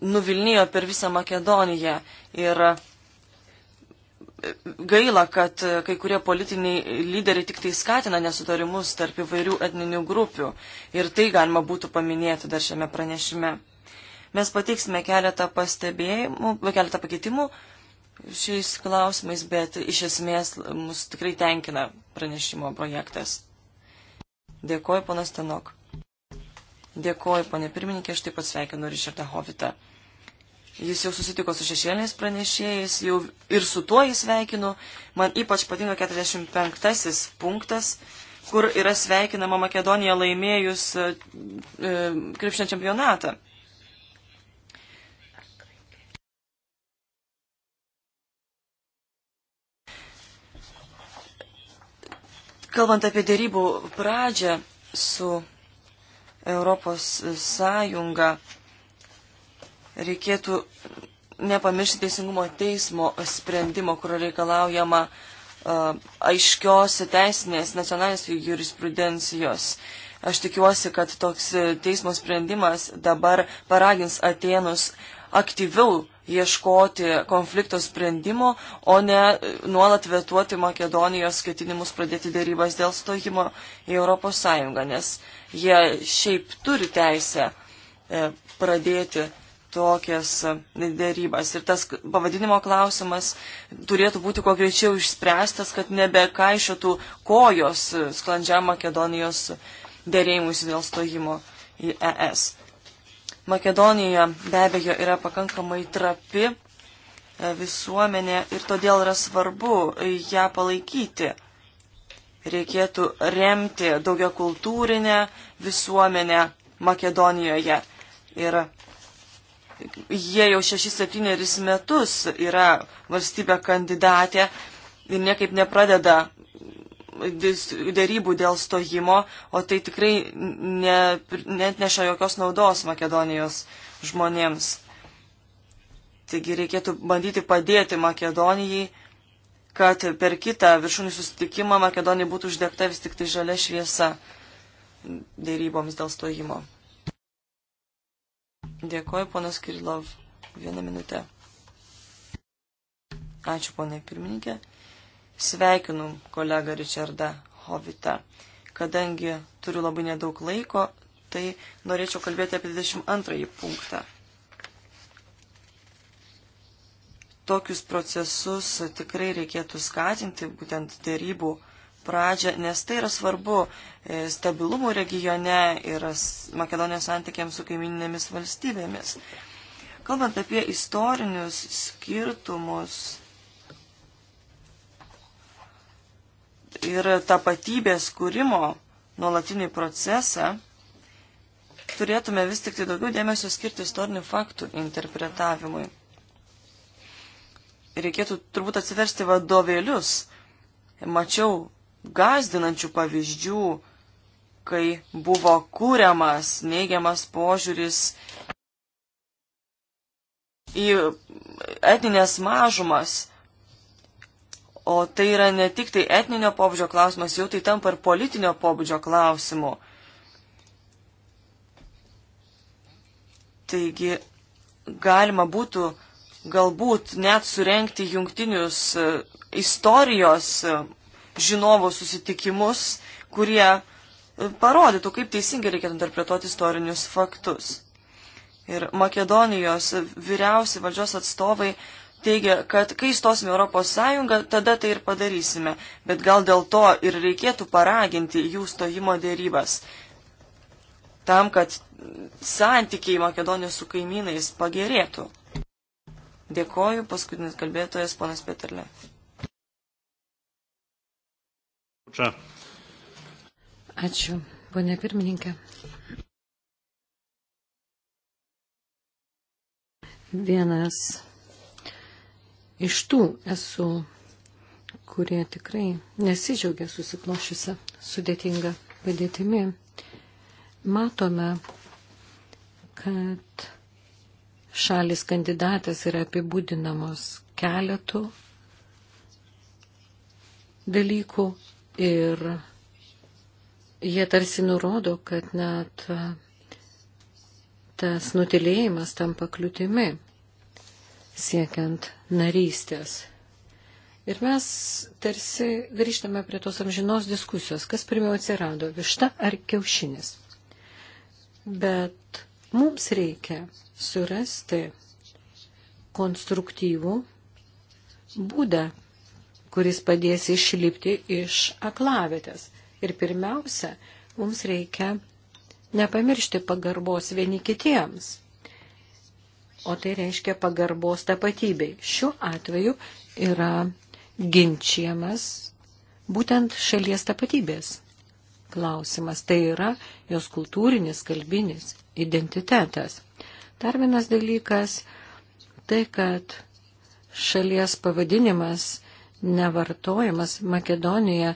nuvilnijo per visą Makedoniją ir gaila, kad e, kai kurie politiniai lyderiai tik tai skatina nesutarimus tarp įvairių etninių grupių ir tai galima būtų paminėti dar šiame pranešime. Mes pateiksime keletą pastebėjimų, keletą pakeitimų šiais klausimais, bet iš esmės mus tikrai tenkina pranešimo projektas. Dėkoju, ponas Tenok. Dėkoju, ponė pirmininkė, aš taip pat sveikinu Rišardą Hovitą. Jis jau susitiko su šešėliniais pranešėjais, jau ir su tuo jis sveikinu. Man ypač patinka 45 punktas, kur yra sveikinama Makedonija laimėjus e, e, krepšinio čempionatą. Kalbant apie dėrybų pradžią su Europos Sąjunga, reikėtų nepamiršti teisingumo teismo sprendimo, kurio reikalaujama uh, aiškios teisinės nacionalinės jurisprudencijos. Aš tikiuosi, kad toks teismo sprendimas dabar paragins Atenus aktyviau ieškoti konflikto sprendimo, o ne nuolat vetuoti Makedonijos ketinimus pradėti dėrybas dėl stojimo į Europos Sąjungą, nes jie šiaip turi teisę e, pradėti tokias dėrybas. Ir tas pavadinimo klausimas turėtų būti kuo greičiau išspręstas, kad nebekaišiotų kojos sklandžiam Makedonijos dėrėjimus dėl stojimo į ES. Makedonija be abejo yra pakankamai trapi e, visuomenė ir todėl yra svarbu ją palaikyti. Reikėtų remti daugia kultūrinę visuomenę Makedonijoje. Ir jie jau 6-7 metus yra valstybė kandidatė ir niekaip nepradeda dėrybų dėl stojimo, o tai tikrai ne, net neša jokios naudos Makedonijos žmonėms. Taigi reikėtų bandyti padėti Makedonijai, kad per kitą viršūnį susitikimą Makedonijai būtų uždegta vis tik tai žalia šviesa dėryboms dėl stojimo. Dėkoju, ponas Kirilov. Vieną minutę. Ačiū, ponai pirmininkė. Sveikinu kolegą Richardą Hovitą. Kadangi turiu labai nedaug laiko, tai norėčiau kalbėti apie 22 punktą. Tokius procesus tikrai reikėtų skatinti, būtent dėrybų pradžią, nes tai yra svarbu e, stabilumų regione ir Makedonijos santykiams su kaimininėmis valstybėmis. Kalbant apie istorinius skirtumus ir tapatybės kūrimo nuolatinį procesą, turėtume vis tik tai daugiau dėmesio skirti istorinių faktų interpretavimui. Reikėtų turbūt atsiversti vadovėlius. Mačiau gazdinančių pavyzdžių, kai buvo kūriamas neigiamas požiūris į etninės mažumas. O tai yra ne tik tai etninio pobūdžio klausimas, jau tai tampa ir politinio pobūdžio klausimu. Taigi galima būtų galbūt net surenkti jungtinius e, istorijos žinovo susitikimus, kurie e, parodytų, kaip teisingai reikėtų interpretuoti istorinius faktus. Ir Makedonijos vyriausi valdžios atstovai teigia, kad kai įstosime Europos Sąjungą, tada tai ir padarysime, bet gal dėl to ir reikėtų paraginti jų stojimo dėrybas, tam, kad santykiai Makedonijos su kaimynais pagerėtų. Dėkoju, paskutinis kalbėtojas, ponas Peterle. Čia. Ačiū, ponė pirmininkė. Vienas iš tų esu, kurie tikrai nesidžiaugia susiklošiusią sudėtingą padėtimi. Matome, kad šalis kandidatas yra apibūdinamos keletų dalykų Ir jie tarsi nurodo, kad net tas nutilėjimas tampa kliūtimi siekiant narystės. Ir mes tarsi grįžtame prie tos amžinos diskusijos, kas pirmiau atsirado - višta ar kiaušinis. Bet mums reikia surasti konstruktyvų būdą, kuris padės išlipti iš aklavitės. Ir pirmiausia, mums reikia nepamiršti pagarbos vieni kitiems. O tai reiškia pagarbos tapatybei. Šiuo atveju yra ginčiamas būtent šalies tapatybės klausimas. Tai yra jos kultūrinis, kalbinis identitetas. Dar vienas dalykas - tai, kad šalies pavadinimas nevartojamas Makedonijoje.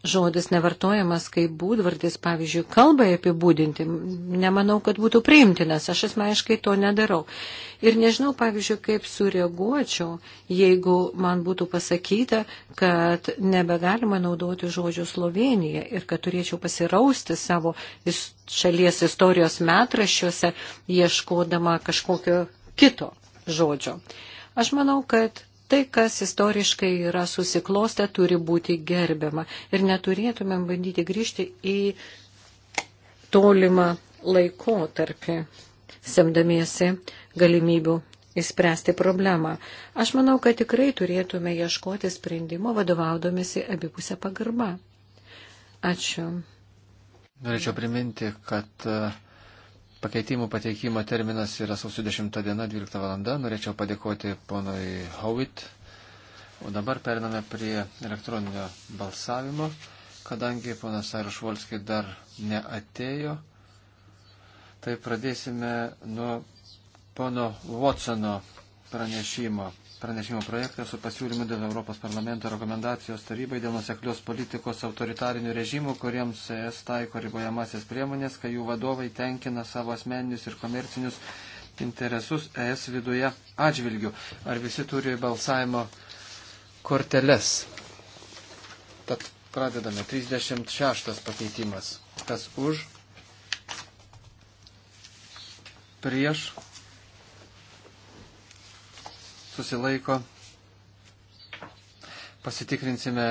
Žodis nevartojamas kaip būdvardis, pavyzdžiui, kalbai apibūdinti, nemanau, kad būtų priimtinas, aš asmeniškai to nedarau. Ir nežinau, pavyzdžiui, kaip sureaguočiau, jeigu man būtų pasakyta, kad nebegalima naudoti žodžių Slovenija ir kad turėčiau pasirausti savo šalies istorijos metraščiuose, ieškodama kažkokio kito žodžio. Aš manau, kad Tai, kas istoriškai yra susiklostę, turi būti gerbiama. Ir neturėtumėm bandyti grįžti į tolimą laikotarpį, semdamiesi galimybių įspręsti problemą. Aš manau, kad tikrai turėtume ieškoti sprendimo vadovaudomėsi abipusę pagarbą. Ačiū. Norėčiau priminti, kad uh, Pakeitimų pateikimo terminas yra sausio 10 diena, 12 valanda. Norėčiau padėkoti ponui Howitt. O dabar periname prie elektroninio balsavimo. Kadangi ponas Arušvolski dar neatėjo, tai pradėsime nuo pono Watsono pranešimo pranešimo projektą su pasiūlymu dėl Europos parlamento rekomendacijos tarybai dėl nuseklios politikos autoritarinių režimų, kuriems ES taiko ribojamasis priemonės, kai jų vadovai tenkina savo asmeninius ir komercinius interesus ES viduje atžvilgių. Ar visi turi balsavimo korteles? Tad pradedame. 36 pakeitimas. Kas už? Prieš susilaiko. Pasitikrinsime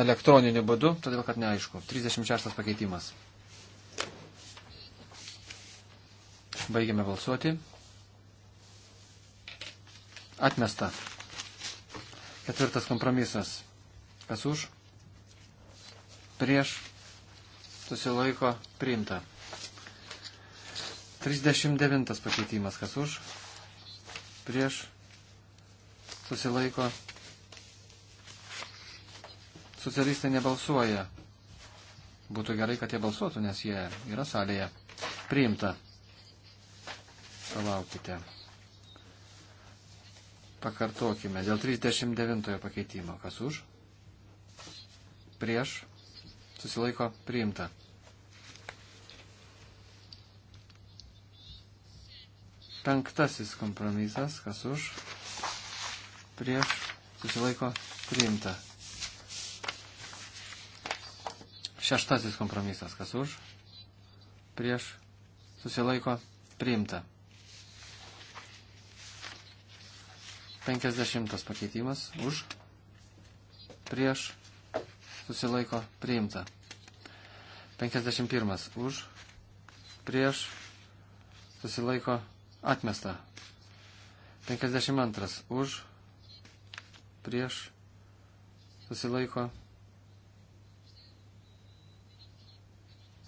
elektroniniu būdu, todėl kad neaišku. 36 pakeitimas. Baigiame balsuoti. Atmesta. Ketvirtas kompromisas. Kas už? Prieš. Susilaiko. Priimta. 39 pakeitimas. Kas už? prieš susilaiko. Socialistai nebalsuoja. Būtų gerai, kad jie balsuotų, nes jie yra salėje. Priimta. Palaukite. Pakartokime dėl 39 pakeitimo. Kas už? Prieš. Susilaiko. Priimta. Penktasis kompromisas, kas už, prieš, susilaiko, priimta. Šeštasis kompromisas, kas už, prieš, susilaiko, priimta. Penkiasdešimtas pakeitimas, už, prieš, susilaiko, priimta. Penkiasdešimt pirmas, už, prieš, susilaiko, priimta Atmesta. 52. Už. Prieš. Susilaiko.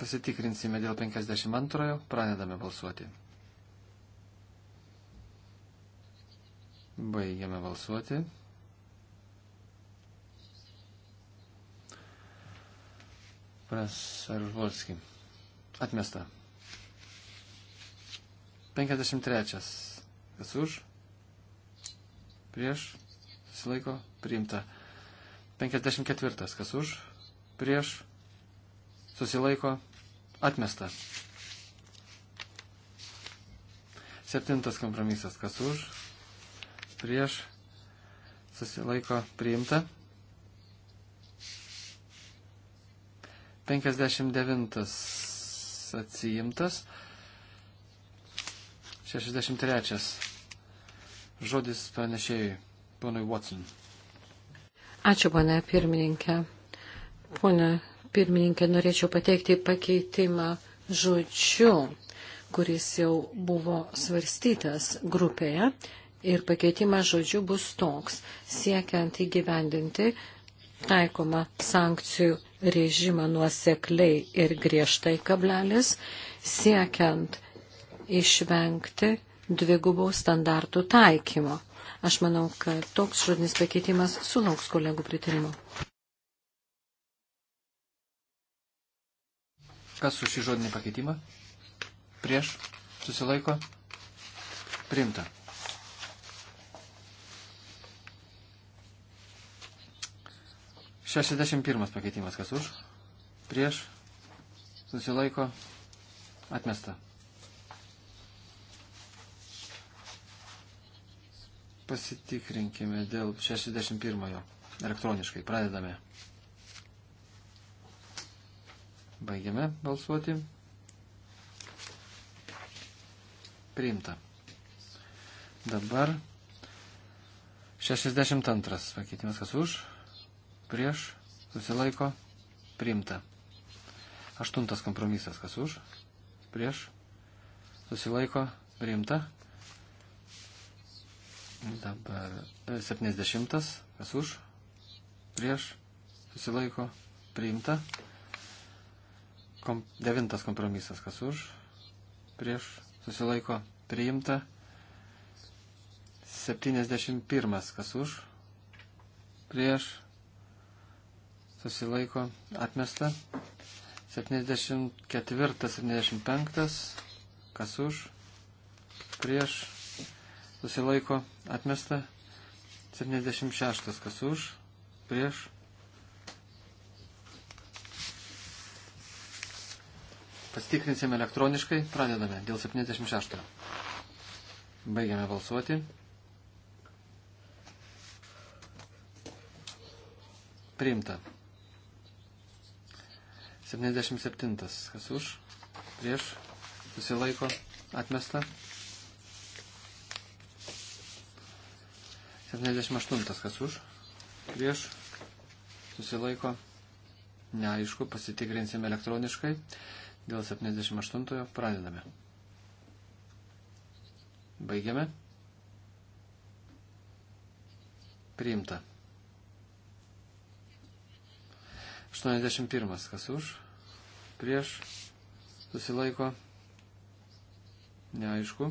Pasitikrinsime dėl 52. Pradedame balsuoti. Baigiame balsuoti. Prasarvolski. Atmesta. 53. Kas už? Prieš? Susilaiko? Priimta. 54. Kas už? Prieš? Susilaiko? Atmesta. Septintas kompromisas. Kas už? Prieš? Susilaiko? Priimta. 59. Atsijimtas. 63. Žodis pranešėjui, ponui Watson. Ačiū, ponė pirmininkė. Pone pirmininkė, norėčiau pateikti pakeitimą žodžiu, kuris jau buvo svarstytas grupėje. Ir pakeitimas žodžiu bus toks, siekiant įgyvendinti taikoma sankcijų režimą nuosekliai ir griežtai kablelis, siekiant išvengti dvigubų standartų taikymo. Aš manau, kad toks žodinis pakeitimas sulauks kolegų pritarimo. Kas už šį žodinį pakeitimą? Prieš? Susilaiko? Primta. Šešiasdešimt pirmas pakeitimas. Kas už? Prieš? Susilaiko? Atmesta. Pasitikrinkime dėl 61-ojo. Elektroniškai pradedame. Baigiame balsuoti. Priimta. Dabar 62 pakeitimas kas už, prieš, susilaiko, priimta. Aštuntas kompromisas kas už, prieš, susilaiko, priimta. Dabar 70. E, Kas už? Prieš? Susilaiko? Priimta. Kom, devintas kompromisas. Kas už? Prieš? Susilaiko? Priimta. 71. Kas už? Prieš? Susilaiko? Atmesta. 74. 75. Kas už? Prieš? susilaiko atmesta. 76 kas už, prieš. Pastikrinsime elektroniškai, pradedame dėl 76. Baigiame balsuoti. Priimta. 77. Kas už? Prieš. Susilaiko. Atmesta. 78 kas už, prieš, susilaiko, neaišku, pasitikrinsime elektroniškai, dėl 78 pradedame. Baigiame. Priimta. 81 kas už, prieš, susilaiko, neaišku,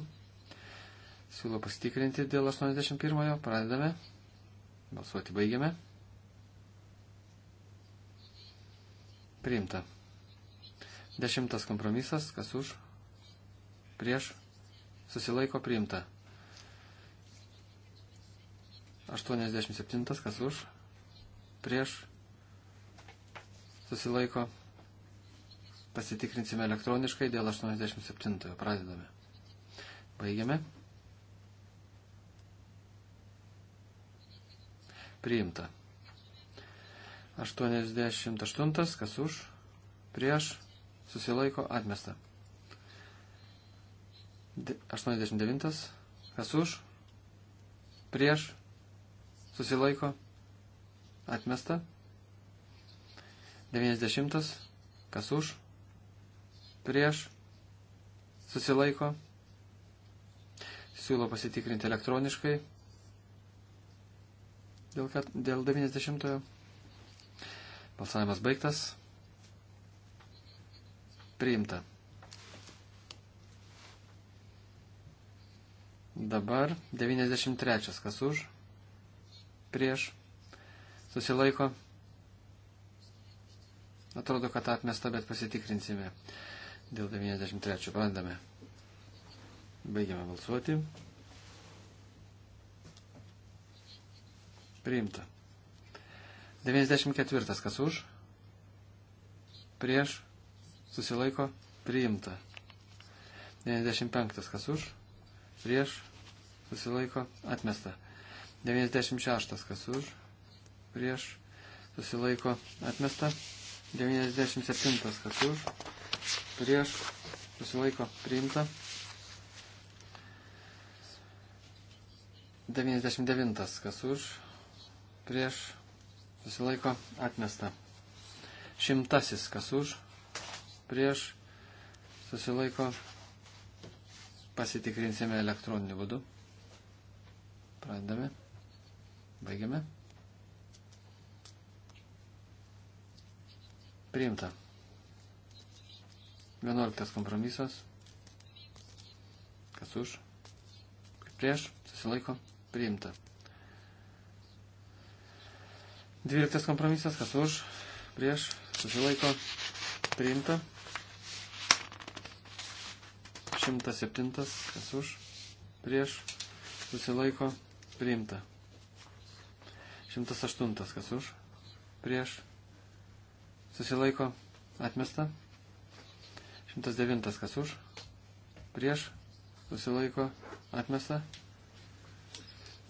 Siūlau pasitikrinti dėl 81-ojo. Pradedame. Balsuoti baigiame. Priimta. Dešimtas kompromisas. Kas už? Prieš. Susilaiko priimta. 87. Kas už? Prieš. Susilaiko. Pasitikrinsime elektroniškai dėl 87. Pradedame. Baigiame. priimta. 88, kas už, prieš, susilaiko, atmesta. 89, kas už, prieš, susilaiko, atmesta. 90, kas už, prieš, susilaiko. Siūlo pasitikrinti elektroniškai dėl, kad, dėl 90-ojo. Balsavimas baigtas. Priimta. Dabar 93. Kas už? Prieš. Susilaiko. Atrodo, kad atmesta, bet pasitikrinsime. Dėl 93. Bandame. Baigiame balsuoti. Priimta. 94. Kas už? Prieš. Susilaiko. Priimta. 95. Kas už? Prieš. Susilaiko. Atmesta. 96. Kas už? Prieš. Susilaiko. Atmesta. 97. Kas už? Prieš. Susilaiko. Priimta. 99. Kas už? prieš susilaiko atmesta. Šimtasis kas už prieš susilaiko pasitikrinsime elektroniniu būdu. Pradedame. Baigiame. Priimta. 11 kompromisas. Kas už? Prieš susilaiko priimta. Dvyliktas kompromisas, kas už, prieš, susilaiko, priimta. 107, kas už, prieš, susilaiko, priimta. 108, kas už, prieš, susilaiko, atmesta. 109, kas už, prieš, susilaiko, atmesta.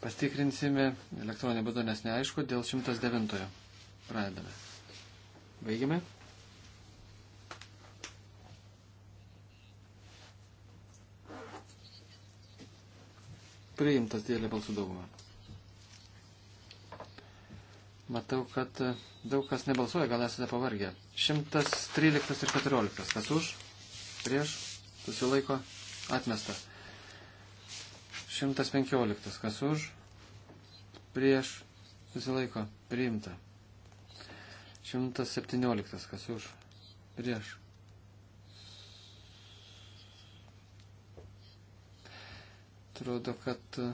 Pastikrinsime elektroninį būdą, nes neaišku, dėl 109. Pradedame. Baigiame. Priimtas dėlė balsų daugumą. Matau, kad e, daug kas nebalsuoja, gal esate pavargę. 113 ir 14. Kas už? Prieš? Susilaiko? Atmesta. 115. Kas už? prieš susilaiko priimta. 117 kas už prieš. Atrodo, kad uh,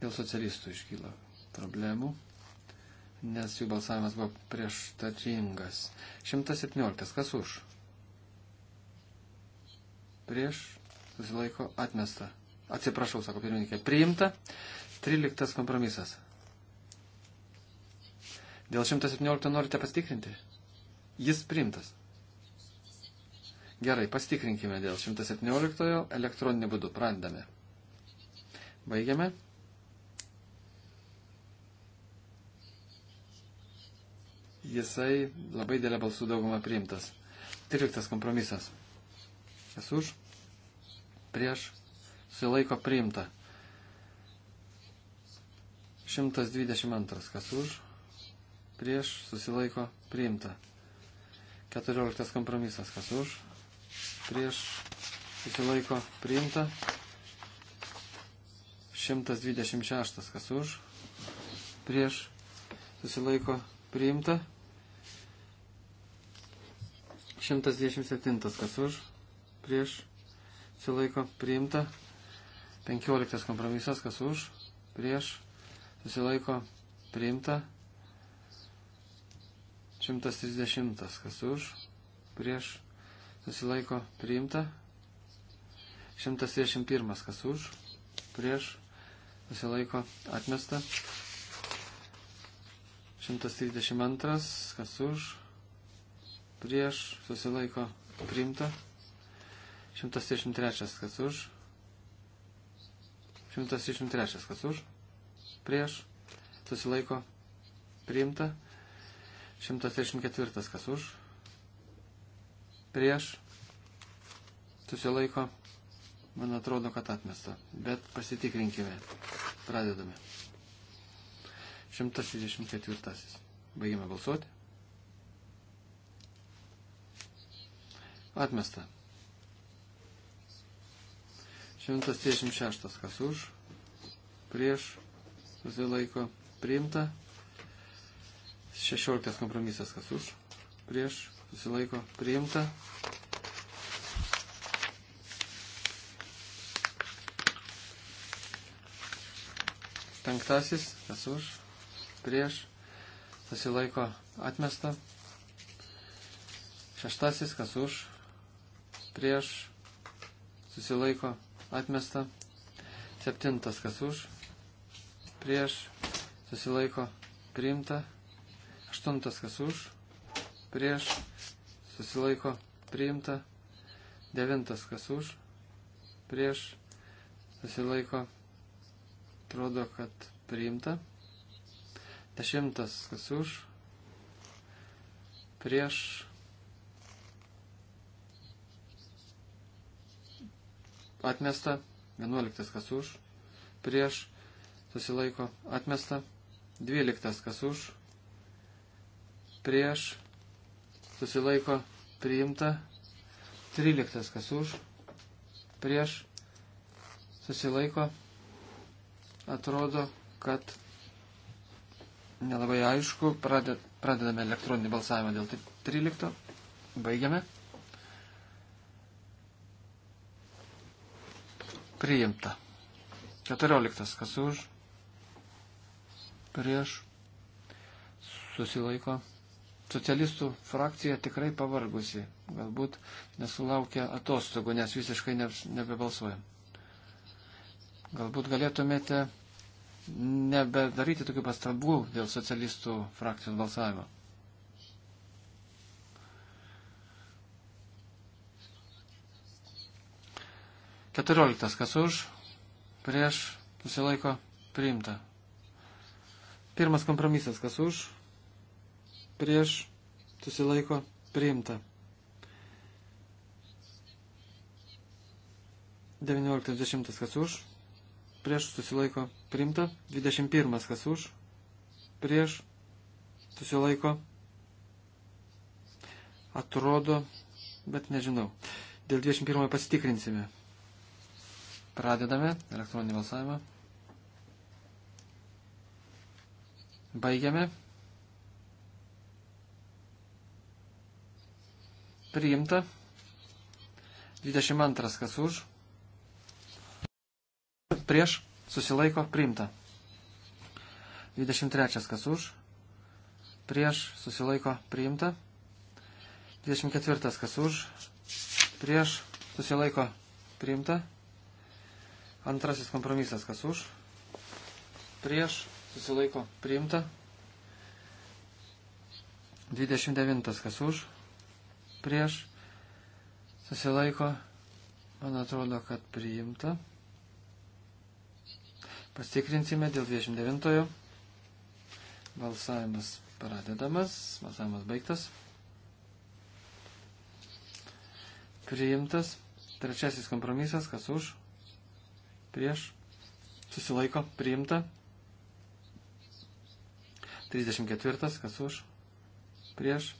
dėl socialistų iškyla problemų, nes jų balsavimas buvo prieštaringas. 117 kas už prieš susilaiko atmesta. Atsiprašau, sako pirmininkė, priimta. 13 kompromisas. Dėl 117 norite pastikrinti? Jis primtas. Gerai, pastikrinkime dėl 117 elektroninį būdų. Pradedame. Baigiame. Jisai labai dėlė balsų daugumą priimtas. 13 kompromisas. Kas už? Prieš. Susilaiko priimta. 122. Kas už? prieš, susilaiko, priimta. 14 kompromisas, kas už, prieš, susilaiko, priimta. 126, kas už, prieš, susilaiko, priimta. 127, kas už, prieš, susilaiko, priimta. 15 kompromisas, kas už, prieš, susilaiko, priimta. 130. Kas už? Prieš. Susilaiko. Priimta. 131. Kas už? Prieš. Susilaiko. Atmesta. 132. Kas už? Prieš. Susilaiko. Priimta. 133. Kas už? 133. Kas už? Prieš. Susilaiko. Priimta. 134 kas už, prieš, susilaiko, man atrodo, kad atmesta, bet pasitikrinkime, pradedame. 124. Baigime balsuoti. Atmesta. 136 kas už, prieš, susilaiko, priimta. 16 kompromisas, kas už, prieš, susilaiko, priimta. Penktasis, kas už, prieš, susilaiko, atmesta. Šeštasis, kas už, prieš, susilaiko, atmesta. Septintas, kas už, prieš, susilaiko, priimta. Aštuntas kas už, prieš, susilaiko, priimta. Devintas kas už, prieš, susilaiko, atrodo, kad priimta. Dešimtas kas už, prieš. Atmesta. Vienuoliktas kas už, prieš, susilaiko, atmesta. Dvyliktas kas už, prieš, susilaiko priimta, 13 kas už, prieš, susilaiko, atrodo, kad nelabai aišku, pradedame elektroninį balsavimą dėl 13, baigiame. Priimta. 14. Kas už? Prieš. Susilaiko socialistų frakcija tikrai pavargusi. Galbūt nesulaukia atostogų, nes visiškai nebebalsuojam. Galbūt galėtumėte nebedaryti tokių pastabų dėl socialistų frakcijos balsavimo. Keturioliktas, kas už, prieš, susilaiko, priimta. Pirmas kompromisas, kas už, prieš susilaiko priimta. 19.10 kas už, prieš susilaiko priimta, 21 kas už, prieš susilaiko, atrodo, bet nežinau. Dėl 21 pasitikrinsime. Pradedame elektroninį balsavimą. Baigiame. priimta. 22 kas už, prieš, susilaiko, priimta. 23 kas už, prieš, susilaiko, priimta. 24 kas už, prieš, susilaiko, priimta. Antrasis kompromisas kas už, prieš, susilaiko, priimta. 29 kas už, prieš prieš susilaiko, man atrodo, kad priimta. Pastikrinsime dėl 29. Balsavimas pradedamas, balsavimas baigtas. Priimtas. Trečiasis kompromisas, kas už, prieš, susilaiko, priimta. 34, kas už, prieš,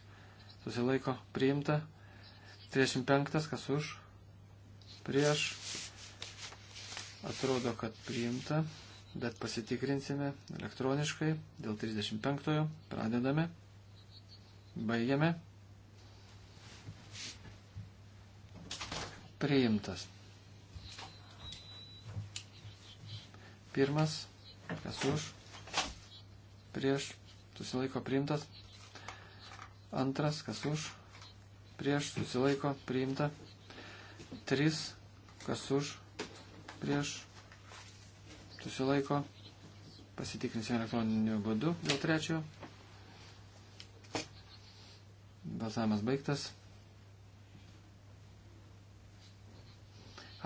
susilaiko priimta. 35 kas už, prieš, atrodo, kad priimta, bet pasitikrinsime elektroniškai dėl 35 pradedame, baigiame. Priimtas. Pirmas, kas už, prieš, susilaiko priimtas, Antras, kas už, prieš susilaiko priimta. Tris, kas už, prieš susilaiko. Pasitikrinsime elektroniniu būdu dėl trečiojo. Balsavimas baigtas.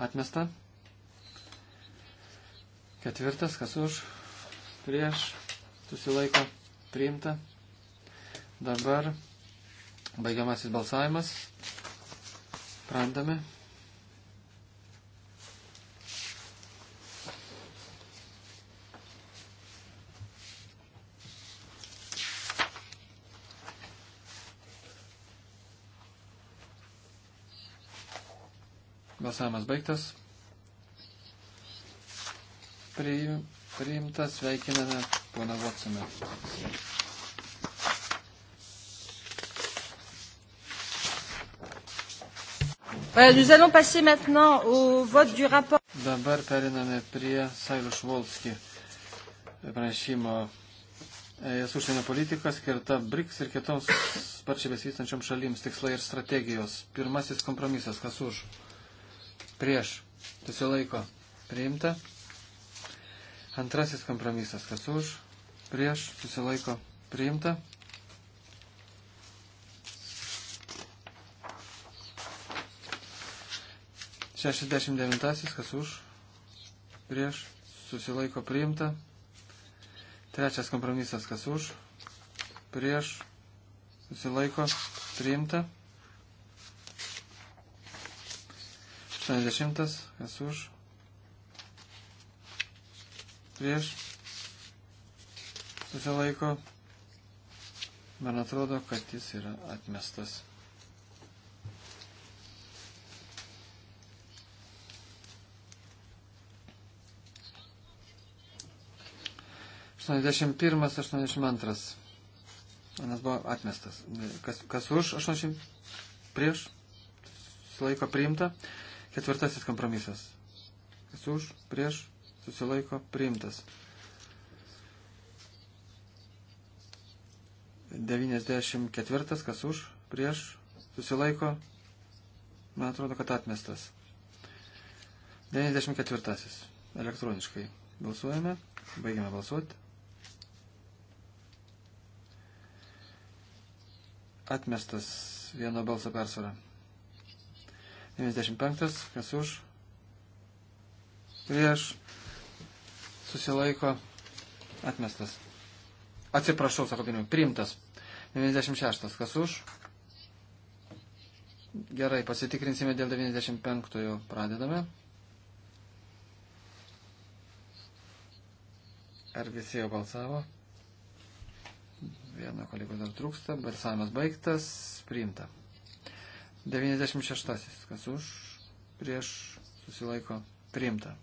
Atmesta. Ketvirtas, kas už, prieš, susilaiko, priimta. Dabar Baigiamasis balsavimas. Prandame. Balsavimas baigtas. Priimtas, sveikiname poną Votsiną. Voilà, nous allons passer maintenant au vote du rapport. Dabar periname prie Sailus Volski pranešimo ES užsienio politika skirta BRICS ir kitoms sparčiai besivystančiom šalims tikslai ir strategijos. Pirmasis kompromisas, kas už, prieš, susilaiko, priimta. Antrasis kompromisas, kas už, prieš, susilaiko, priimta. 69. Kas už? Prieš. Susilaiko priimta. Trečias kompromisas. Kas už? Prieš. Susilaiko priimta. 80. Kas už? Prieš. Susilaiko. Man atrodo, kad jis yra atmestas. 81-82. Anas buvo atmestas. Kas, kas už 80 prieš susilaiko priimta. Ketvirtasis kompromisas. Kas už prieš susilaiko priimtas. 94. Kas už prieš susilaiko. Man atrodo, kad atmestas. 94. Elektroniškai balsuojame. Baigiame balsuoti. atmestas vieno balso persvara. 95, kas už, prieš, susilaiko, atmestas. Atsiprašau, sako pirmininkas, priimtas. 96, kas už. Gerai, pasitikrinsime dėl 95-ojo, pradedame. Ar visi jau balsavo? Vieno kolegos dar trūksta. Balsavimas baigtas. Priimta. 96. Kas už? Prieš susilaiko. Priimta.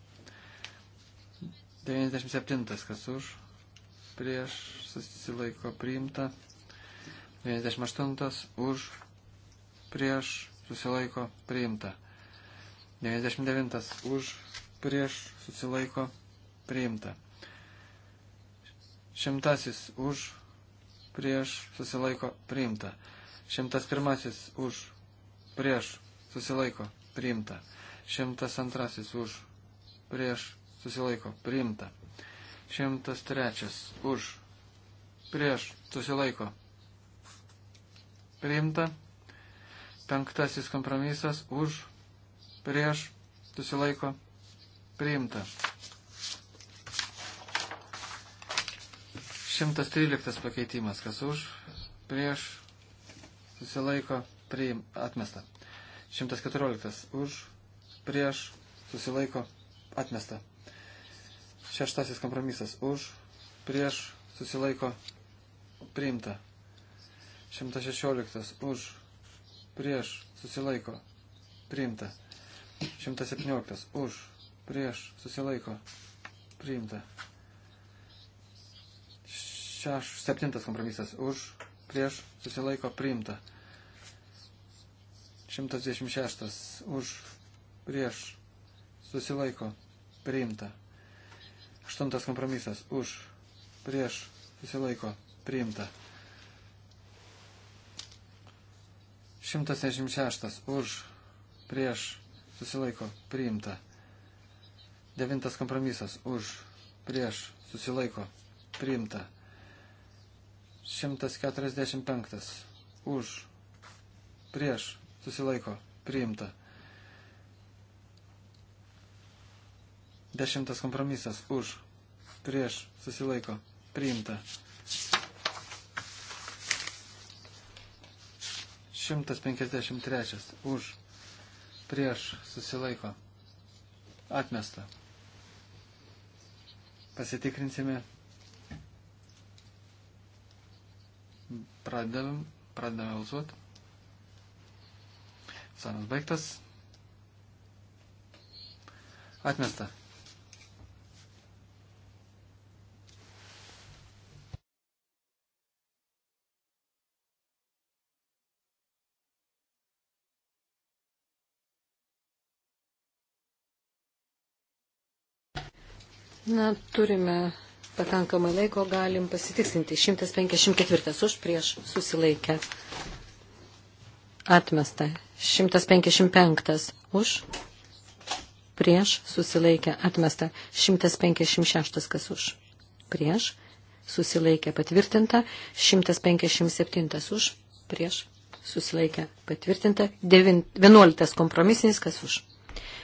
97. Kas už? Prieš susilaiko. Priimta. 98. Už. Prieš susilaiko. Priimta. 99. Už. Prieš susilaiko. Priimta. Šimtasis už prieš susilaiko priimta. 101 už prieš susilaiko priimta. 102 už prieš susilaiko priimta. 103 už prieš susilaiko priimta. Penktasis kompromisas už prieš susilaiko priimta. 113 pakeitimas, kas už, prieš, susilaiko, priim, atmesta. 114 už, prieš, susilaiko, atmesta. Šeštasis kompromisas už, prieš, susilaiko, priimta. 116 už, prieš, susilaiko, priimta. 117 už, prieš, susilaiko, priimta. Šeš, septintas kompromisas už, prieš, susilaiko priimta. 126 už, prieš, susilaiko priimta. Aštuntas kompromisas už, prieš, susilaiko priimta. 176 už, prieš, susilaiko priimta. Devintas kompromisas už, prieš, susilaiko priimta. 145. Už. Prieš. Susilaiko. Priimta. Dešimtas kompromisas. Už. Prieš. Susilaiko. Priimta. 153. Už. Prieš. Susilaiko. Atmesta. Pasitikrinsime Pradedam, pradedame balsuoti. Sanas baigtas. Atmesta. Na, turime pakankamai laiko galim pasitiksinti. 154 už prieš susilaikę. Atmesta. 155 už prieš susilaikę. Atmesta. 156 kas už prieš susilaikę. Patvirtinta. 157 už prieš susilaikę. Patvirtinta. 11 kompromisinis kas už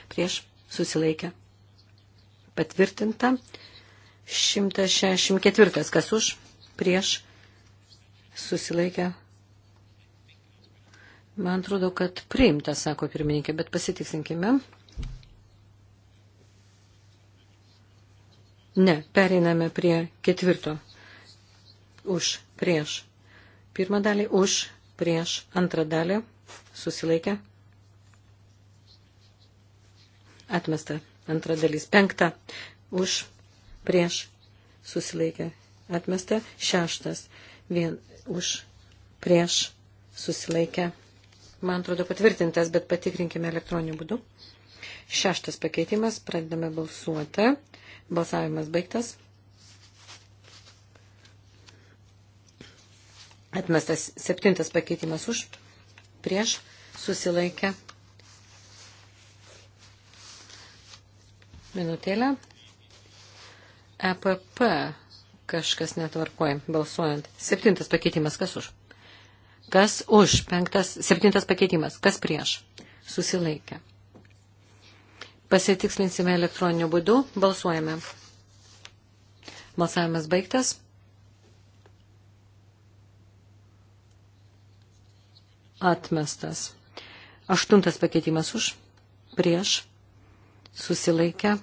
prieš susilaikę. Patvirtinta. 164. Kas už? Prieš? Susilaikę? Man atrodo, kad priimta, sako pirmininkė, bet pasitiksinkime. Ne, pereiname prie ketvirto. Už, prieš. Pirmą dalį už, prieš. Antrą dalį susilaikę. Atmesta. Antra dalis. Penkta. Už, prieš susilaikė atmesta, šeštas vien už prieš susilaikę. Man atrodo patvirtintas, bet patikrinkime elektroniniu būdu. Šeštas pakeitimas, pradedame balsuoti. Balsavimas baigtas. Atmestas septintas pakeitimas už, prieš, susilaikę. Minutėlę. EPP kažkas netvarkoja balsuojant. Septintas pakeitimas, kas už? Kas už? Penktas, septintas pakeitimas, kas prieš? Susilaikė. Pasitikslinsime elektroniniu būdu, balsuojame. Balsavimas baigtas. Atmestas. Aštuntas pakeitimas už, prieš, susilaikę,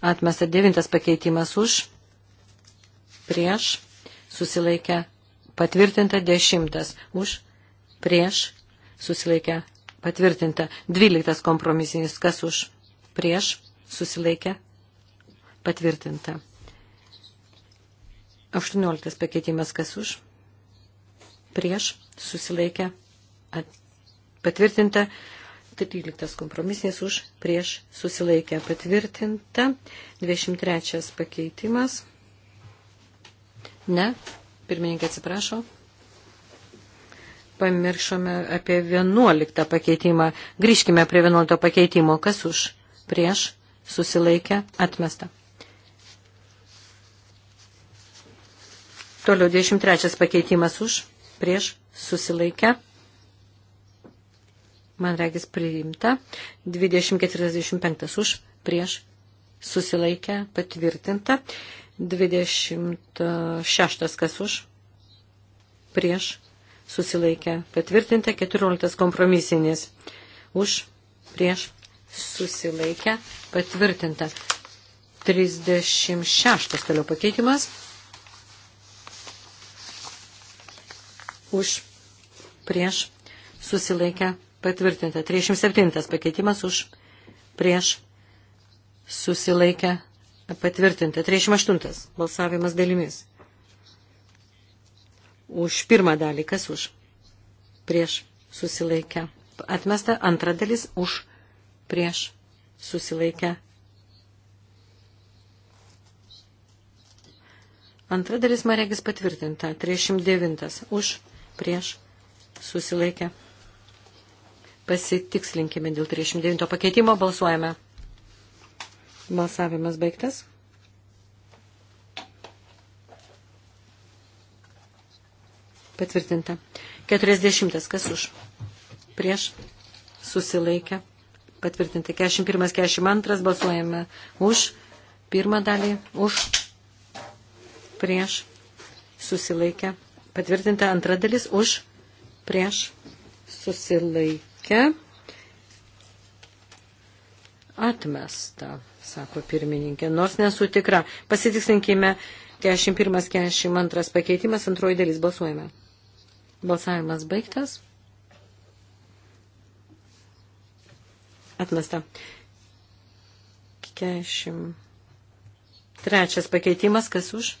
Atmesta devintas pakeitimas už, prieš, susilaikę, patvirtinta dešimtas už, prieš, susilaikę, patvirtinta dvyliktas kompromisinis, kas už, prieš, susilaikę, patvirtinta. Aštuonioliktas pakeitimas, kas už, prieš, susilaikę, patvirtinta. 13 kompromisinis už prieš susilaikę patvirtinta. 23 pakeitimas. Ne, pirmininkė atsiprašo. Pamiršome apie 11 pakeitimą. Grįžkime prie 11 pakeitimo. Kas už prieš susilaikę atmesta. Toliau 23 pakeitimas už prieš susilaikę man regis priimta, 24-25 už, prieš, susilaikę, patvirtinta, 26 kas už, prieš, susilaikę, patvirtinta, 14 kompromisinis, už, prieš, susilaikę, patvirtinta, 36 toliau pakeitimas, už, prieš, susilaikę, patvirtinta Patvirtinta. 37 pakeitimas už prieš susilaikę patvirtinta. 38 balsavimas dalimis. Už pirmą dalį, kas už prieš susilaikę. Atmesta antra dalis už prieš susilaikę. Antra dalis, man regis, patvirtinta. 39 už prieš susilaikę Pasitikslinkime dėl 39 pakeitimo, balsuojame. Balsavimas baigtas. Patvirtinta. 40. Kas už? Prieš. Susilaikę. Patvirtinta. 41. 42. Balsuojame už. Pirmą dalį. Už. Prieš. Susilaikę. Patvirtinta. Antra dalis. Už. Prieš. Susilaikę tokia. Atmesta, sako pirmininkė, nors nesu tikra. Pasitiksinkime 41-42 pakeitimas, antroji dalis balsuojame. Balsavimas baigtas. Atmesta. 43 pakeitimas, kas už,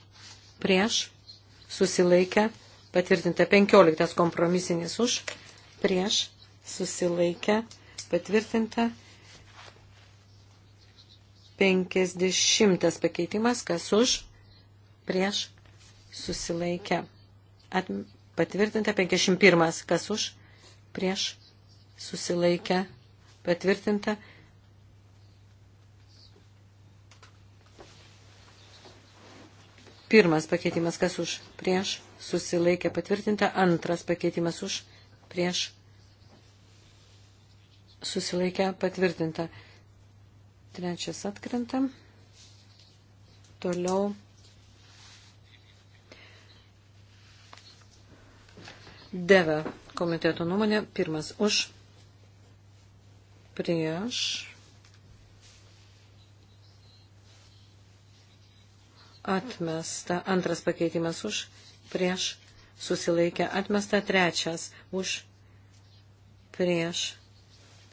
prieš, susilaikę, patvirtinta 15 kompromisinis už, prieš, susilaikę, patvirtinta. 50 pakeitimas, kas už, prieš, susilaikę. At, patvirtinta 51, kas už, prieš, susilaikę, patvirtinta. Pirmas pakeitimas, kas už, prieš, susilaikę, patvirtinta. Antras pakeitimas už, prieš, susilaikę patvirtinta. Trečias atkrenta. Toliau. Deve komiteto nuomonė. Pirmas už. Prieš. Atmesta. Antras pakeitimas už. Prieš. Susilaikę. Atmesta. Trečias už. Prieš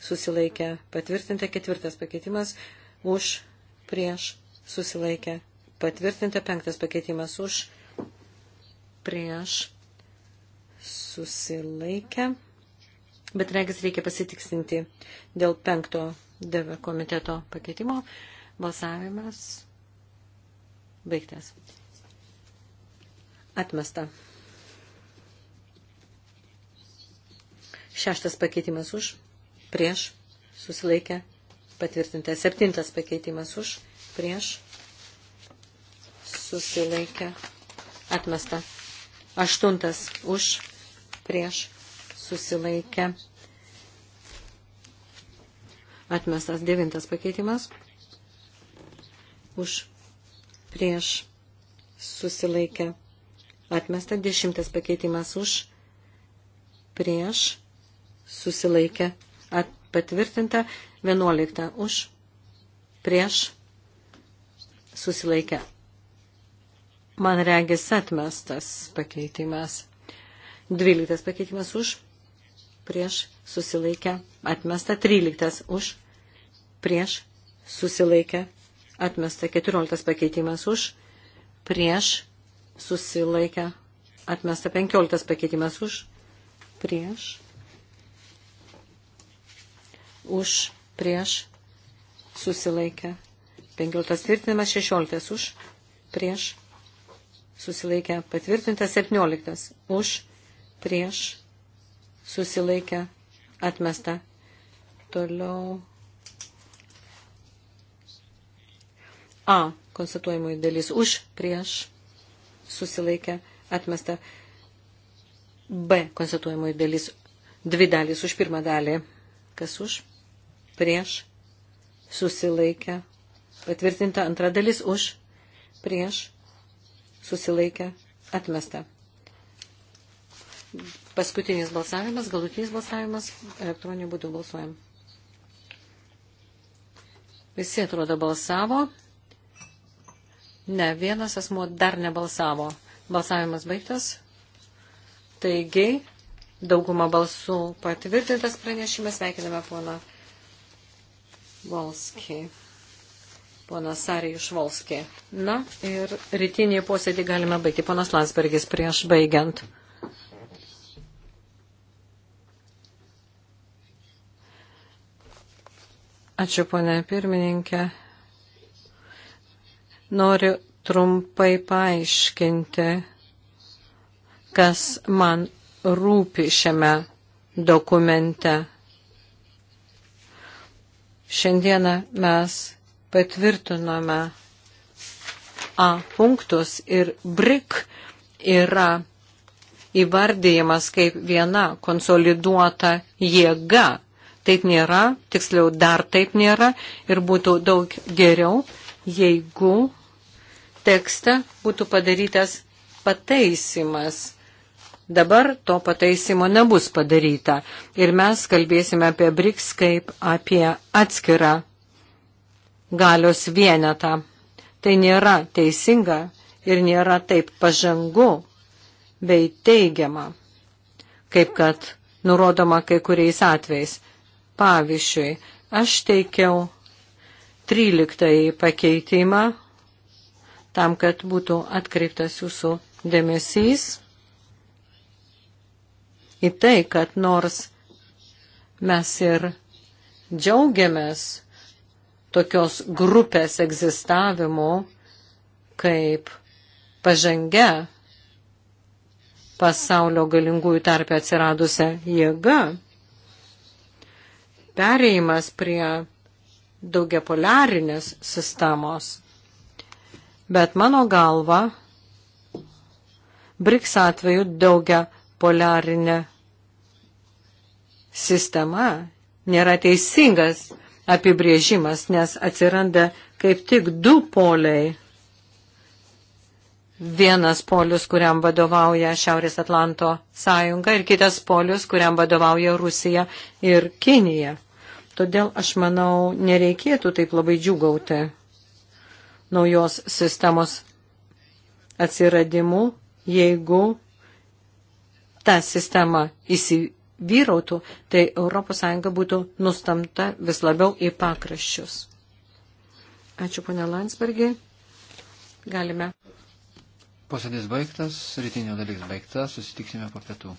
susilaikę patvirtinta, ketvirtas pakeitimas už, prieš, susilaikę patvirtinta, penktas pakeitimas už, prieš, susilaikę. Bet regis reikia pasitiksinti dėl penkto DV komiteto pakeitimo. Balsavimas baigtas. Atmesta. Šeštas pakeitimas už, prieš, susilaikę, patvirtinta. Septintas pakeitimas už, prieš, susilaikę, atmesta. Aštuntas už, prieš, susilaikę, atmestas. Devintas pakeitimas už, prieš, susilaikę, atmesta. Dešimtas pakeitimas už, prieš, susilaikę, patvirtinta, 11 už, prieš, susilaikę. Man regis atmestas pakeitimas. 12 pakeitimas už, prieš, susilaikę, atmesta. 13 už, prieš, susilaikę, atmesta. 14 pakeitimas už, prieš, susilaikę, atmesta. 15 pakeitimas už, prieš, už, prieš, susilaikę. 15 tvirtinimas 16 už, prieš, susilaikę. Patvirtintas 17 už, prieš, susilaikę, atmesta. Toliau. A. Konstatuojimui dalis už, prieš, susilaikę, atmesta. B. Konstatuojimui dalis dvi dalis už pirmą dalį. Kas už? prieš, susilaikę, patvirtinta antra dalis už, prieš, susilaikę, atmesta. Paskutinis balsavimas, galutinis balsavimas, elektroniniu būdu balsuojam. Visi atrodo balsavo. Ne, vienas asmuo dar nebalsavo. Balsavimas baigtas. Taigi, dauguma balsų patvirtintas pranešimas. Sveikiname poną Volski. Ponas Sarė iš Volski. Na ir rytinį posėdį galime baigti. Ponas Landsbergis prieš baigiant. Ačiū, ponė pirmininkė. Noriu trumpai paaiškinti, kas man rūpi šiame dokumente. Šiandieną mes patvirtinome A punktus ir BRIC yra įvardyjimas kaip viena konsoliduota jėga. Taip nėra, tiksliau dar taip nėra ir būtų daug geriau, jeigu tekste būtų padarytas pataisimas Dabar to pataisimo nebus padaryta ir mes kalbėsime apie BRICS kaip apie atskirą galios vienetą. Tai nėra teisinga ir nėra taip pažangu bei teigiama, kaip kad nurodoma kai kuriais atvejais. Pavyzdžiui, aš teikiau 13 pakeitimą tam, kad būtų atkreiptas jūsų dėmesys į tai, kad nors mes ir džiaugiamės tokios grupės egzistavimu kaip pažangia pasaulio galingųjų tarpę atsiradusią jėgą, pereimas prie daugiapolarinės sistemos. Bet mano galva, BRICS atveju daugia polarinė sistema nėra teisingas apibrėžimas, nes atsiranda kaip tik du poliai. Vienas polius, kuriam vadovauja Šiaurės Atlanto sąjunga ir kitas polius, kuriam vadovauja Rusija ir Kinija. Todėl aš manau, nereikėtų taip labai džiugauti naujos sistemos atsiradimu, jeigu ta sistema įsivyrė vyrautų, tai ES būtų nustamta vis labiau į pakraščius. Ačiū, ponė Landsbergiai. Galime. Posėdis baigtas, rytinio dalis baigta, susitiksime po pietų.